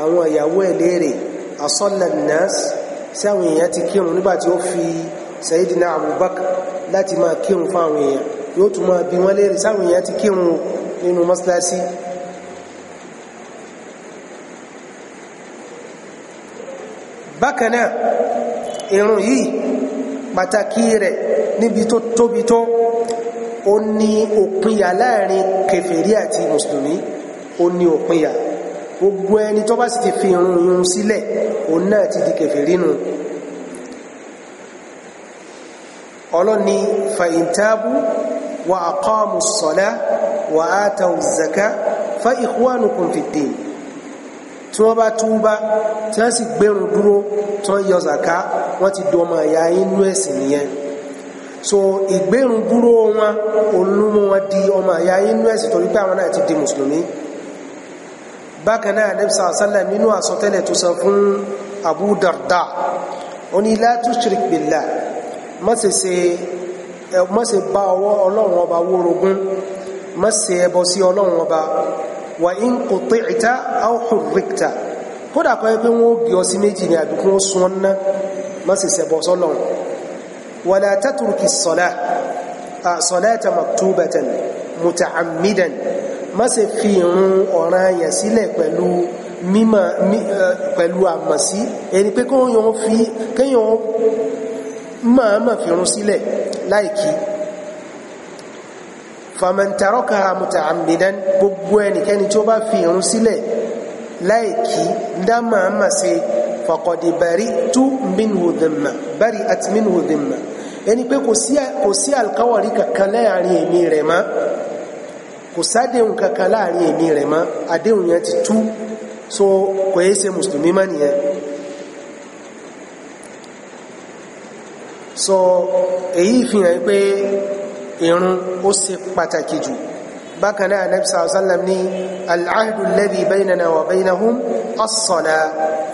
àwọn ìyàwó ẹ̀ léèrè asọ́lẹ̀ nọ́ọ̀sì sí àwọn èèyàn ti kírun nígbà tí ó fi Sayyidina Abubakar láti máa kírun fún àwọn èèyàn yóò tún máa bi wọ́n léèrè sáwọn èèyàn ti kírun nínú mọ́sálásí bákan náà yìí pàtàkì rẹ̀ níbi tó tóbi tó ó ní òpinya láàrin kèfèrí àti mùsùlùmí ó ní òpinya gbogbo ẹni tó bá sì ti fi irun irun sílẹ̀ òun náà ti di kèfèrí nù ọlọ́ni fàyíntábù wa aqamu s wa atawu fa ikhwanukum fid tí wọ́n bá túbá tí wọ́n sì gbẹ̀rún dúró tí wọ́n yọ zàká wọ́n ti dọmọ ẹ̀yà inú ẹ̀sìn nìyẹn so ìgbẹ̀rún dúró wọn olúmọ wọn di ọmọ ẹ̀yà inú ẹ̀sìn torí pé àwọn náà ti di mùsùlùmí bákan náà Ànábì sallam nínú àsọtẹ́lẹ̀ tó sọ fún Abu Darda ó ní la tushrik billah má ṣe ṣe má ṣe bá ọwọ́ ọlọ́run ọba wórogún má ẹbọ sí ọlọ́run ọba wà ń kò tẹ ìta áwòkò rìkta kódà kọ́ pé wọ́n gé ọ sí méjì ní àbí kí wọ́n sun ọ́n náà má sì ṣẹbọ sọ́lọ́run wàlá tàtùrùkì sọ̀lá sọ̀láta maktubatan mutaammidan má ṣe fi irun ọ̀ranyàn sílẹ̀ pẹ̀lú mímọ̀ pẹ̀lú àmọ̀sí ẹni pé kéèyàn máa máa fi irun sílẹ̀ láìkí fàmẹ́ntàrọ́kà muta'ammidan gbogbo ẹnikẹ́ni tí ó bá fi irun sílẹ̀ láìkí dámàámà ṣe faqad bari'tu minhu dhimma bari'at minhu dhimma ẹni pé kò sí alkawari kankan láàrin èmi rẹ̀ mọ́ kò sádéhùn kankan láàrin èmi rẹ̀ mọ́ àdéhùn yẹn ti tú so kò yẹ ṣe mùsùlùmí mọ́ nìyẹn so èyí fi hàn pé irun ó ṣe pàtàkì jù bákan náà anabi sallallahu alayhi wa sallam ní al-ahdu alladhi baynana wa baynahum as-salah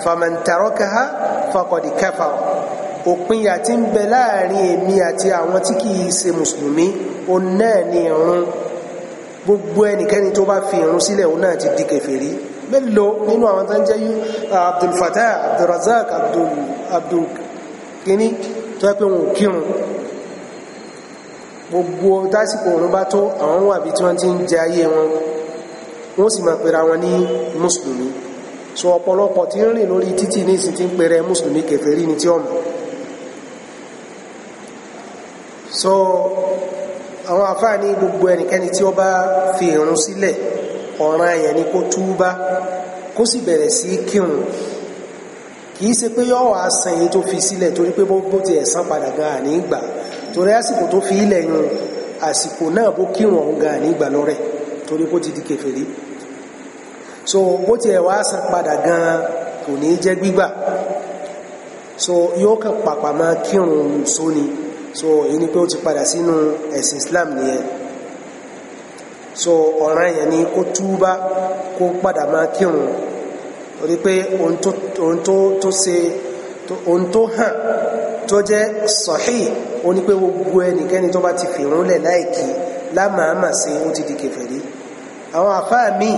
faman tarakaha faqad kafara òpin yà ti ń bẹ láàrin èmi àti àwọn tí kìí ṣe mùsùlùmí òun náà ni irun gbogbo ẹnikẹ́ni tó bá fi irun sílẹ̀ òun náà ti di kèfèrí mélòó nínú àwọn tó ń jẹ́ abdulfatah abdulrazak abdul tó yẹ pé wọn ò kírun gbogbo tásìkò òun bá tó àwọn wà bí tí wọ́n ti ń jẹ ayé wọn wọ́n sì máa pera wọn ní mùsùlùmí so ọ̀pọ̀lọpọ̀ tí ń rìn lórí títì ní ìsìn tí ń pera mùsùlùmí kèfèrí ni tí ọ̀mọ̀ so àwọn àfáà ní gbogbo ẹnikẹ́ni tí ó bá fi ìrun sílẹ̀ ọ̀ràn àyàn ni kó túbá kó sì bẹ̀rẹ̀ sí kírun kìí ṣe pé yọ́ wàá san èyí tó fi sílẹ̀ torí pé bó ti ẹ̀san padà gan àní gbà torí àsìkò tó fi ilẹ̀ yun àsìkò náà bó kírun ọ̀hún gan nígbà lọ́rẹ̀ torí kó ti di kèfèrí so bó tiẹ̀ wá san padà gan kò ní jẹ́ gbígbà so yóò kàn pàpà máa kírun sóni so èyí ni pé ó ti padà sínú ẹ̀sìn Islam nìyẹn so ọ̀ràn yẹn ni kó túbá kó padà máa kírun torí pé ohun tó ṣe ohun tó hàn tó jẹ́ sọ̀hí ó ní pé gbogbo ẹnikẹ́ni tó bá ti fìrún lẹ̀ láìkí lámàámà sí ó ti di kèfèrí àwọn àfáà míì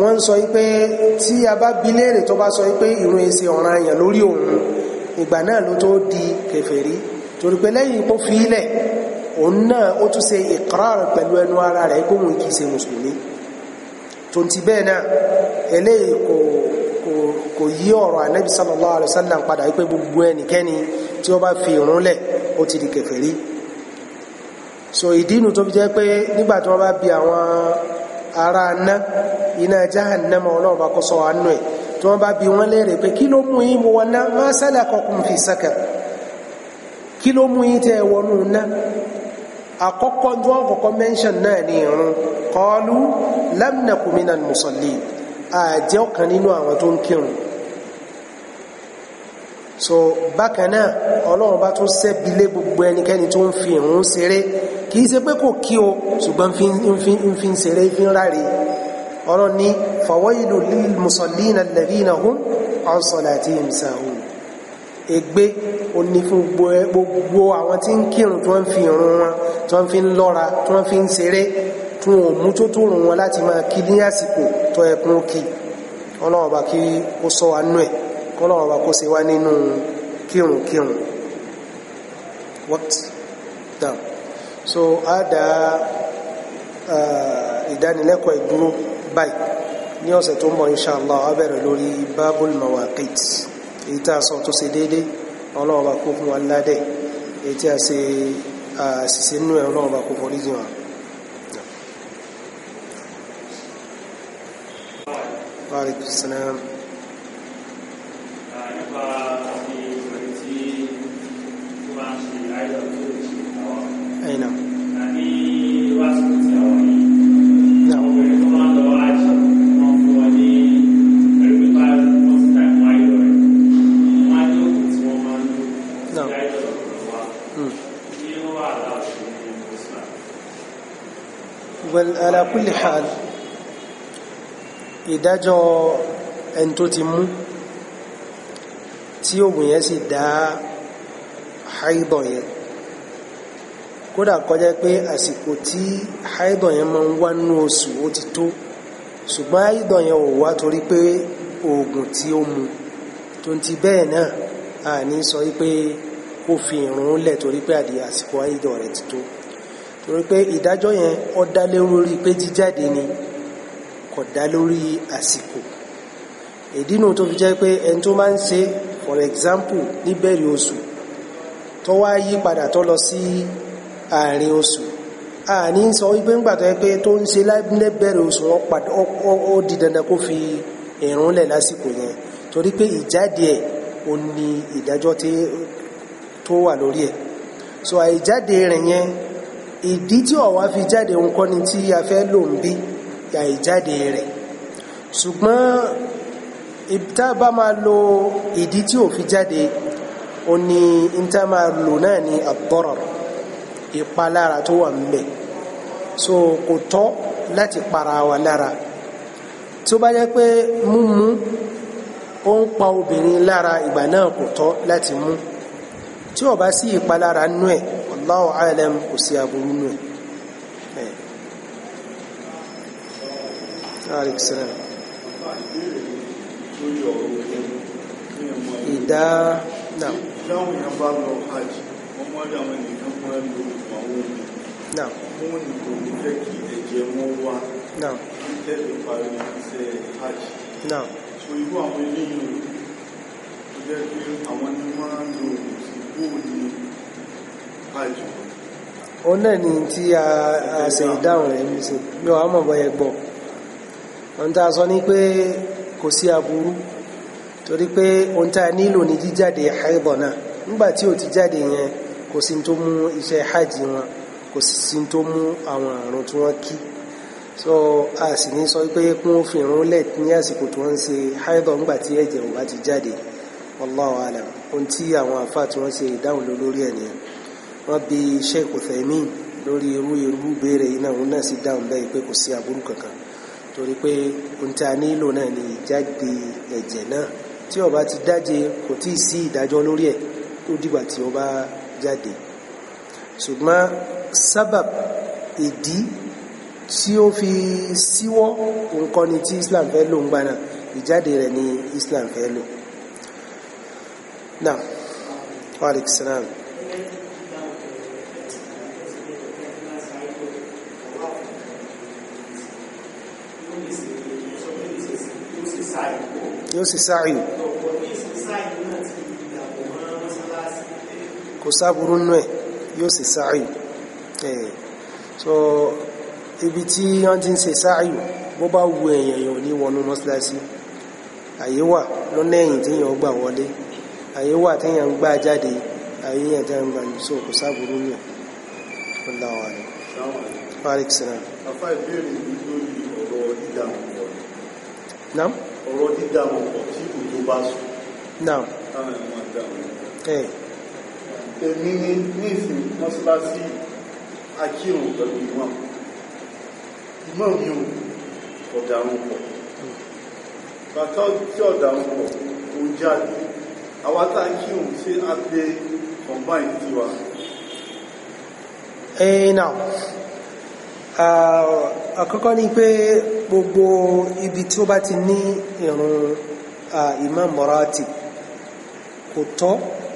wọ́n ń sọ pé tí a bá bi léèrè tó bá sọ pé ìrun èsì ọ̀ràn àyàn lórí òun ìgbà náà ló tó di kèfèrí torí pé lẹ́yìn kó fi ilẹ̀ òun náà ó tún ṣe ìqrar pẹ̀lú ẹnu ara rẹ̀ kó wọn kì í ṣe mùsùlùmí tó ti bẹ́ẹ̀ náà eléyìí kò yí ọ̀rọ̀ ànábì sallallahu alaihi wasallam padà wípé gbogbo ẹnikẹ́ni tí ó bá fi ìrun lẹ̀ ó ti di kèfèrí so ìdínú tó fi jẹ́ pé nígbà tí wọ́n bá bi àwọn ará ná iná jahannama ọlọ́run bá kọ́ sọ àánú ẹ̀ tí wọ́n bá bi wọ́n léèrè pé kí ló mú yín mo wọ́n ná má salakakum fi sakar kí ló mú yín tẹ́ wọnú ná àkọ́kọ́ tí wọ́n kọ́kọ́ mention náà ní ìrun qalu lam naku àjẹ́ ọ̀kan nínú àwọn tó ń kírun so bákan náà ọlọ́run bá tún sẹ́bilé gbogbo ẹnikẹ́ni tó ń fi ìrun ṣeré kì í ṣe pé kò kí o ṣùgbọ́n ń fi ń ṣeré fi ń ráre ọlọ́run ní fawailu lil musallina alladhina hum an salatihim sahun ègbé ó ní fún gbogbo àwọn tí ń kírun tí wọ́n fi ìrun wọn tí wọ́n fi ń lọ́ra tí wọ́n fi ń ṣeré tí wọ́n mú tó tó rùn wọn láti máa kí ní àsìkò tó ẹkún kí ọlọ́run bá kí ó sọ wa nú ẹ̀ kọ́lọ́wọ́n bá kó ṣe wá nínú kírun kírun worked down so a dá ìdánilẹ́kọ̀ọ́ ìdúró báyìí ní ọ̀sẹ̀ tó ń bọ̀ inṣàlá a bẹ̀rẹ̀ lórí babul mawaqit èyí tá a sọ tó ṣe déédéé ọlọ́wọ́n bá kó fún wa ládẹ̀ èyí tí a ṣe àṣìṣe nínú ẹ̀ ọlọ́wọ́n bá kó forí jìn wa. وعليكم السلام nípa àti ìròyìn tí ó máa ṣe àìlọ tó lè ṣe àwọn ẹ̀nà ní wáṣíkò tí àwọn yìí obìnrin tó máa lọ ájì wọn fún wọn ní ẹ̀rí pípa hmm. wọn Well, ala kulli hal ìdájọ́ ẹni tí oògùn yẹn sì dá haibọ̀ yẹn kódà kọjá pé àsìkò tí haibọ̀ yẹn máa ń wá nú oṣù ó ti tó ṣùgbọ́n haibọ̀ yẹn ò wá torí pé oògùn tí ó mu tó ń ti bẹ́ẹ̀ náà a ní sọ wípé kó fi ìrun lẹ̀ torí pé àdì àsìkò haibọ̀ rẹ̀ ti tó torí pé ìdájọ́ yẹn ó dá lórí pé jíjáde ni kò dá lórí àsìkò ìdínú tó fi jẹ́ pé ẹni tó máa ń ṣe é for example níbẹ̀rẹ̀ oṣù tó wá yí padà tó lọ sí àárín oṣù àní sọ wípé ńgbà tó yẹ pé tó ń ṣe lẹ́bẹ̀rẹ̀ oṣù ó di dandan kó fi ìrun lẹ̀ lásìkò yẹn torí pé ìjáde ẹ̀ ó ní ìdájọ́ tó wà lórí ẹ̀ so àìjáde rẹ̀ yẹn ìdí tí ọ̀wá fi jáde òun kọ́ ni tí a fẹ́ lò ń bí àìjáde rẹ̀ ṣùgbọ́n tá a bá máa lo ìdí tí ò fi jáde ó ní níta máa lò náà ní àbọ̀rọ̀ ìpalára tó wà ń bẹ̀ so kò tọ́ láti para wa lára tó bá jẹ́ pé múmú ó ń pa obìnrin lára ìgbà náà kò tọ́ láti mú tí ó sí ìpalára nú ẹ̀ Allahu alam kò sí aburú nú ẹ̀. Aleyhisselam. dá náà. táwọn ya bá lọ hajj wọ́n máa rí àwọn ènìyàn máa ń lo àwọn omi. náà wọ́n ní kò ní fẹ́ kí hajj. hajj. náà ni a ṣe ìdáhùn ṣe sọ ni pé kò sí torí pé ohun tá a nílò ní jíjáde haibọ̀ náà nígbà tí ò ti jáde yẹn kò sí tó mú iṣẹ́ hajj wọn kò sí tó mú àwọn àrùn tí wọ́n kí so a sì ní sọ pé kí wọ́n fi ìrún lẹ̀ ní àsìkò tí wọ́n ń ṣe haibọ̀ nígbà tí ẹ̀jẹ̀ ò bá ti jáde wallahu alam ohun tí àwọn àfáà tí wọ́n ṣe ìdáhùn lórí ẹ̀ nìyẹn wọ́n bi Sheikh Uthaymin lórí irú irú béèrè yìí náà òun náà sì dáhùn bẹ́ẹ̀ pé kò sí aburú kankan torí pé ohun tí a nílò náà ni ìjáde ẹ̀jẹ̀ náà tí ó bá ti dáje kò tí ì sí ìdájọ́ lórí ẹ̀ tó dìgbà tí ó bá jáde ṣùgbọ́n sábàb ìdí tí ó fi síwọ́ nǹkan ni tí Islam fẹ́ lò ń gbà ìjáde rẹ̀ ni Islam fẹ́ lò náà wa alaikum yóò sì sáàyù sáburú nù ẹ̀ yóò sì sáàyù ẹ̀ so ibi tí wọ́n ti ń ṣe sáàyù bó bá wu èèyàn yàn ní wọnú mọ́síláṣí àyè wà lọ́nà ẹ̀yìn téèyàn gbà wọlé àyè wà téèyàn ń gbà jáde àyè yàn téèyàn gbà ní so kò sáburú nù ẹ̀ ọ̀làwà rẹ̀ parik sinam. èmi ní ìsìn mọ́síláṣí akírun pẹ̀lú ìmọ̀ ìmọ̀ mi ò ọ̀daràn pọ̀ bàtà tí ọ̀daràn pọ̀ ó jáde àwa tá akírun sí abẹ́ combine tiwa. ẹ̀yin eh, náà akọkọ ni pe gbogbo ibi tí bá ti ní ìrun imam morati kò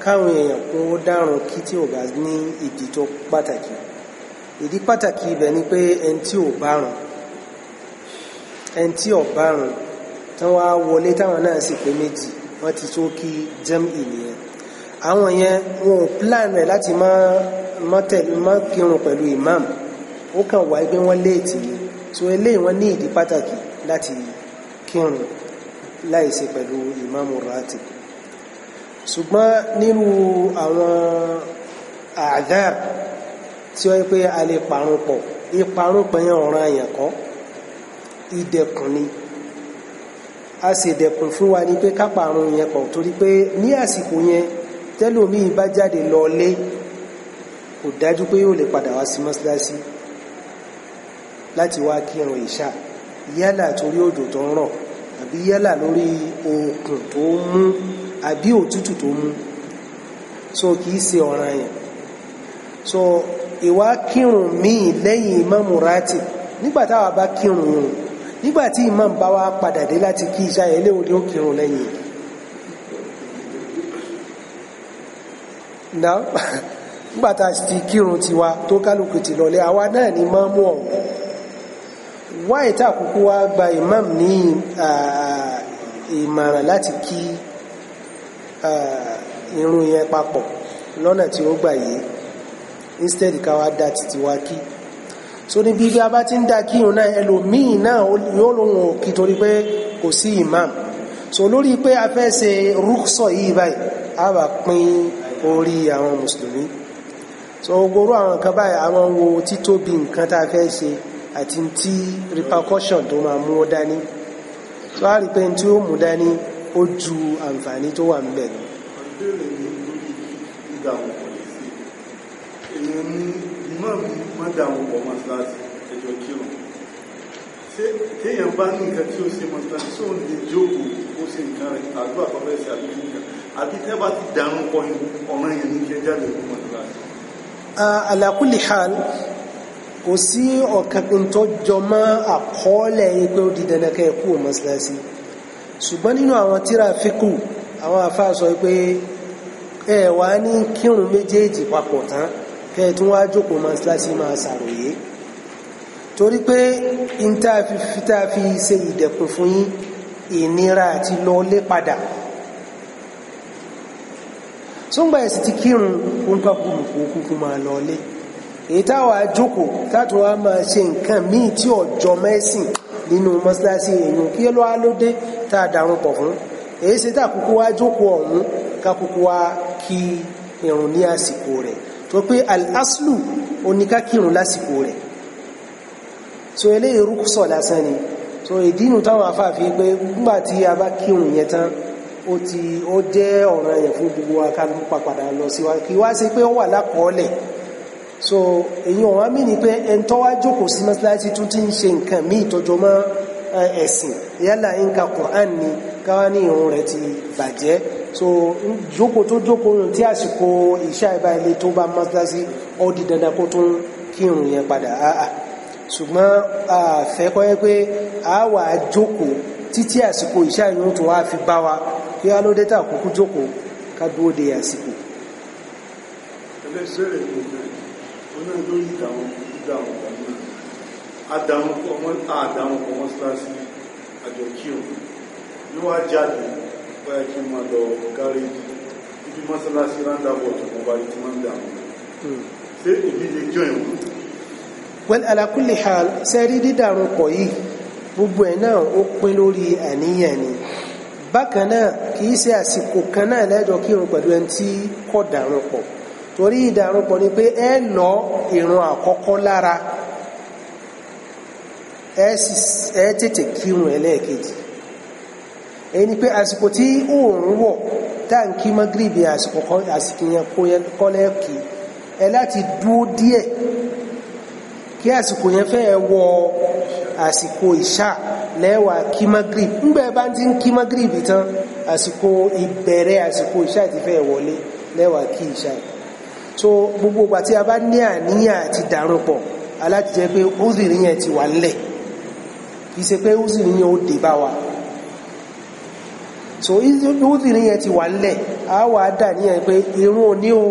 káwọn èèyàn kó dárùn kí tí ò bá ní ìdí tó pàtàkì ìdí pàtàkì ibẹ̀ ni pé ẹni tí ò bárùn ẹni tí ò bárùn tán wá wọlé táwọn náà sì pé méjì wọ́n ti tó kí jẹ́m ìnìyàn àwọn yẹn wọn ò plan rẹ̀ láti má kírun pẹ̀lú imam ó kàn wá pé wọ́n léètì ni so eléyìí wọ́n ní ìdí pàtàkì láti kírun láìsí pẹ̀lú imam ratib ṣùgbọ́n nínú àwọn àdáb tí ó yẹ pé a lè parun pọ̀ ìparun pọ̀ yẹn ọ̀ràn àyàn ìdẹ̀kùn ni a sì dẹ̀kùn fún wa ní pé ká parun yẹn pọ̀ torí pé ní àsìkò yẹn tẹ́lòmíì bá jáde lọlé kò dájú pé yóò lè padà wá sí mọ́síláṣí láti wá kírun ìṣá yálà torí òjò tó ń rọ̀ àbí yálà lórí òkun tó ń mú àbí òtútù tó mú so kìí ṣe ọ̀ràn yẹn so ìwà kírun míì lẹ́yìn ìmáàmù rátì nígbà táwa bá kírun yìí nígbà tí ìmáàmù bá wá padà dé láti kí ìṣá yẹn léwu ni ó kírun lẹ́yìn náà nígbà tá a ti kírun tó kálukú ti lọlé àwa náà ni máàmù ọ̀hún wáyé tá àkókò wa gba ìmáàmù ní ìmọ̀ràn láti kí irun yẹn papọ̀ lọ́nà tí ó gbà yìí instead ká wá dá títí wá kí so níbi bí a bá ti ń dá kírun náà ẹlòmíì náà yóò lóun ò kí torí pé kò sí imam so lórí pé a fẹ́ ṣe rúkṣọ̀ yìí báyìí a bá pín orí àwọn mùsùlùmí so gbogbo àwọn nǹkan báyìí àwọn wo títóbi nǹkan tá a fẹ́ ṣe àti ti repercussion tó máa mú ọ dání so a rí pé tí ó mú dání ó ju àǹfààní tó wà níbẹ̀ lọ. èèyàn ní ìmáàmù má dààmú pọ̀ mọ́ṣáláṣí ẹjọ́ kírun téèyàn bá ní nǹkan tí ó ṣe mọ́ṣáláṣí tó ń lè jókòó ó ṣe nǹkan rẹ̀ àdúrà fọwọ́sẹ̀ àbí nǹkan àbí tẹ́ bá ti dàrún pọ̀ ní ọ̀ràn yẹn ní kẹjá lè mú mọ́ṣáláṣí. ala kulli hal kò sí ọ̀kan tó jọ mọ́ àkọọ́lẹ̀ yìí pé ó di dandan kẹ́ ẹ̀ kú mọ́ṣáláṣí ṣùgbọ́n nínú àwọn tíra fíkù àwọn àfáà sọ pé ẹ wá ní kírun méjèèjì papọ̀ tán kẹ ẹ tún wá jókòó máa síláṣí máa ṣàròyé torí pé n tá a fi fi tá a fi ṣe ìdẹ̀kùn fún yín ìnira àti lọlé padà sóńgbà ẹ̀sìn ti kírun òǹkà kùkù kùkù máa lọlé èyí táwa jókòó táàtò máa ṣe nǹkan míì tí ọjọ́ mẹ́sìn nínú mọ́sálásí èèyàn kí ló wá ló dé tá a darun pọ̀ fún èyí ṣe tá a kúkú wá jókòó ọ̀hún ká kúkú wá kí irun ní àsìkò rẹ̀ tó pé al-aslu lásìkò rẹ̀ so eléyìí rúkúsọ̀ lásán ni so ìdínú táwọn afáàfin pé nígbà tí a bá kírun yẹn tán ó ti ó jẹ́ ọ̀ranyàn fún gbogbo wa ká ló pa lọ sí wa kí wá ṣe pé ó wà lákọọ́lẹ̀ so èyí wọn wá mí ni pé ẹn tó wá jókòó sí mọ́sálásí tún ti ń ṣe nǹkan mí ìtọ́jú mọ́ ẹ̀sìn yálà ń ka Qur'an ni káwá ní ìrun rẹ̀ ti bàjẹ́ so jókòó tó jókòó yàn tí àsìkò ìṣá ìbá ilé tó bá mọ́sálásí ó di dandan kó tún kírun yẹn padà áà ṣùgbọ́n àfẹ́ kọ́ yẹ pé a wà á jókòó títí àsìkò ìṣá ìrun tó wá fi bá wa kí á ló dé tà kúkú jókòó ká dúró de àsìkò. ẹgbẹ́ sẹ́rẹ̀ ni wọn náà lórí ìdáwọn ìdá àwọn ọ̀gá náà àdàmùkọ wọn àdàmùkọ wọn síláṣí àjọ kíọ̀ ló wá jáde báyà kí n máa lọ gáréjì ibi mọ́sálásí rándàbọ̀ tó mọ́ báyìí tí wọ́n ń hmm. dààmú ṣé èmi lè jọ ìwọ̀n. wẹ́n alákùnlé ha sẹ́rí dídàrún pọ̀ yìí gbogbo ẹ̀ náà ó pín lórí àníyàn ni bákan náà kì í ṣe àsìkò kan náà lẹ́jọ́ kírun pẹ̀lú ẹni tí kò dàrún pọ̀ torí ìdàrúpọ̀ ni pé ẹ lọ ìrun àkọ́kọ́ lára ẹ tètè kírun ẹlẹ́ẹ̀kejì èyí ni pé àsìkò tí oòrùn wọ̀ táǹkì magribi àsìkò àsìkìyàn kọ́lẹ́ẹ̀kì ẹ láti dúó díẹ̀ kí àsìkò yẹn fẹ́ wọ àsìkò ìṣà lẹ́wà kí magrib ńgbẹ́ bá ti ń kí magrib tán àsìkò ìbẹ̀rẹ̀ àsìkò ìṣà ti fẹ́ wọlé lẹ́wà kí ìṣà yìí so gbogbo ìgbà tí a bá ní àníyàn àti dàrún pọ̀ alájẹjẹ pé ózìrì yẹn ti wà nílẹ̀ kì í ṣe pé ózìrì ó dé bá wa so ózìrì yẹn ti wà nílẹ̀ a wà á dà níyàn pé irun òní o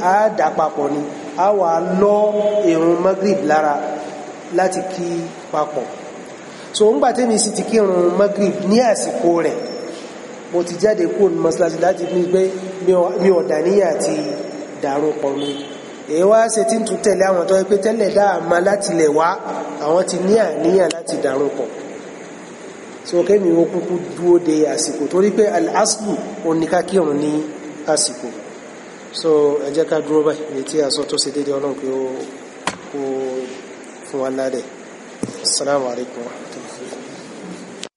a dà papọ̀ ni a wà á lọ irun magrib lára láti kí papọ̀ so ń gbà tẹ́mi sì ti kírun magrib ní àsìkò rẹ̀ mo ti jáde kúrò ní mọ́ṣáláṣí láti ní pé mi ò níyàn àti dàrúpọ̀ mi èyí wá ṣe tí ń tún tẹ̀lé àwọn tó yẹ pé tẹ́lẹ̀ dáàmà láti lẹ̀ wá àwọn ti ní àníyàn láti dàrúpọ̀ tí ó kémi ó kúkú dúó de àsìkò torí pé al-aslu oníkákírùn ní àsìkò so ẹ jẹ́ ká dúró báyìí ní tí a sọ tó ṣe déédéé ọlọ́run pé ó fún wa ládẹ̀ assalamu alaikum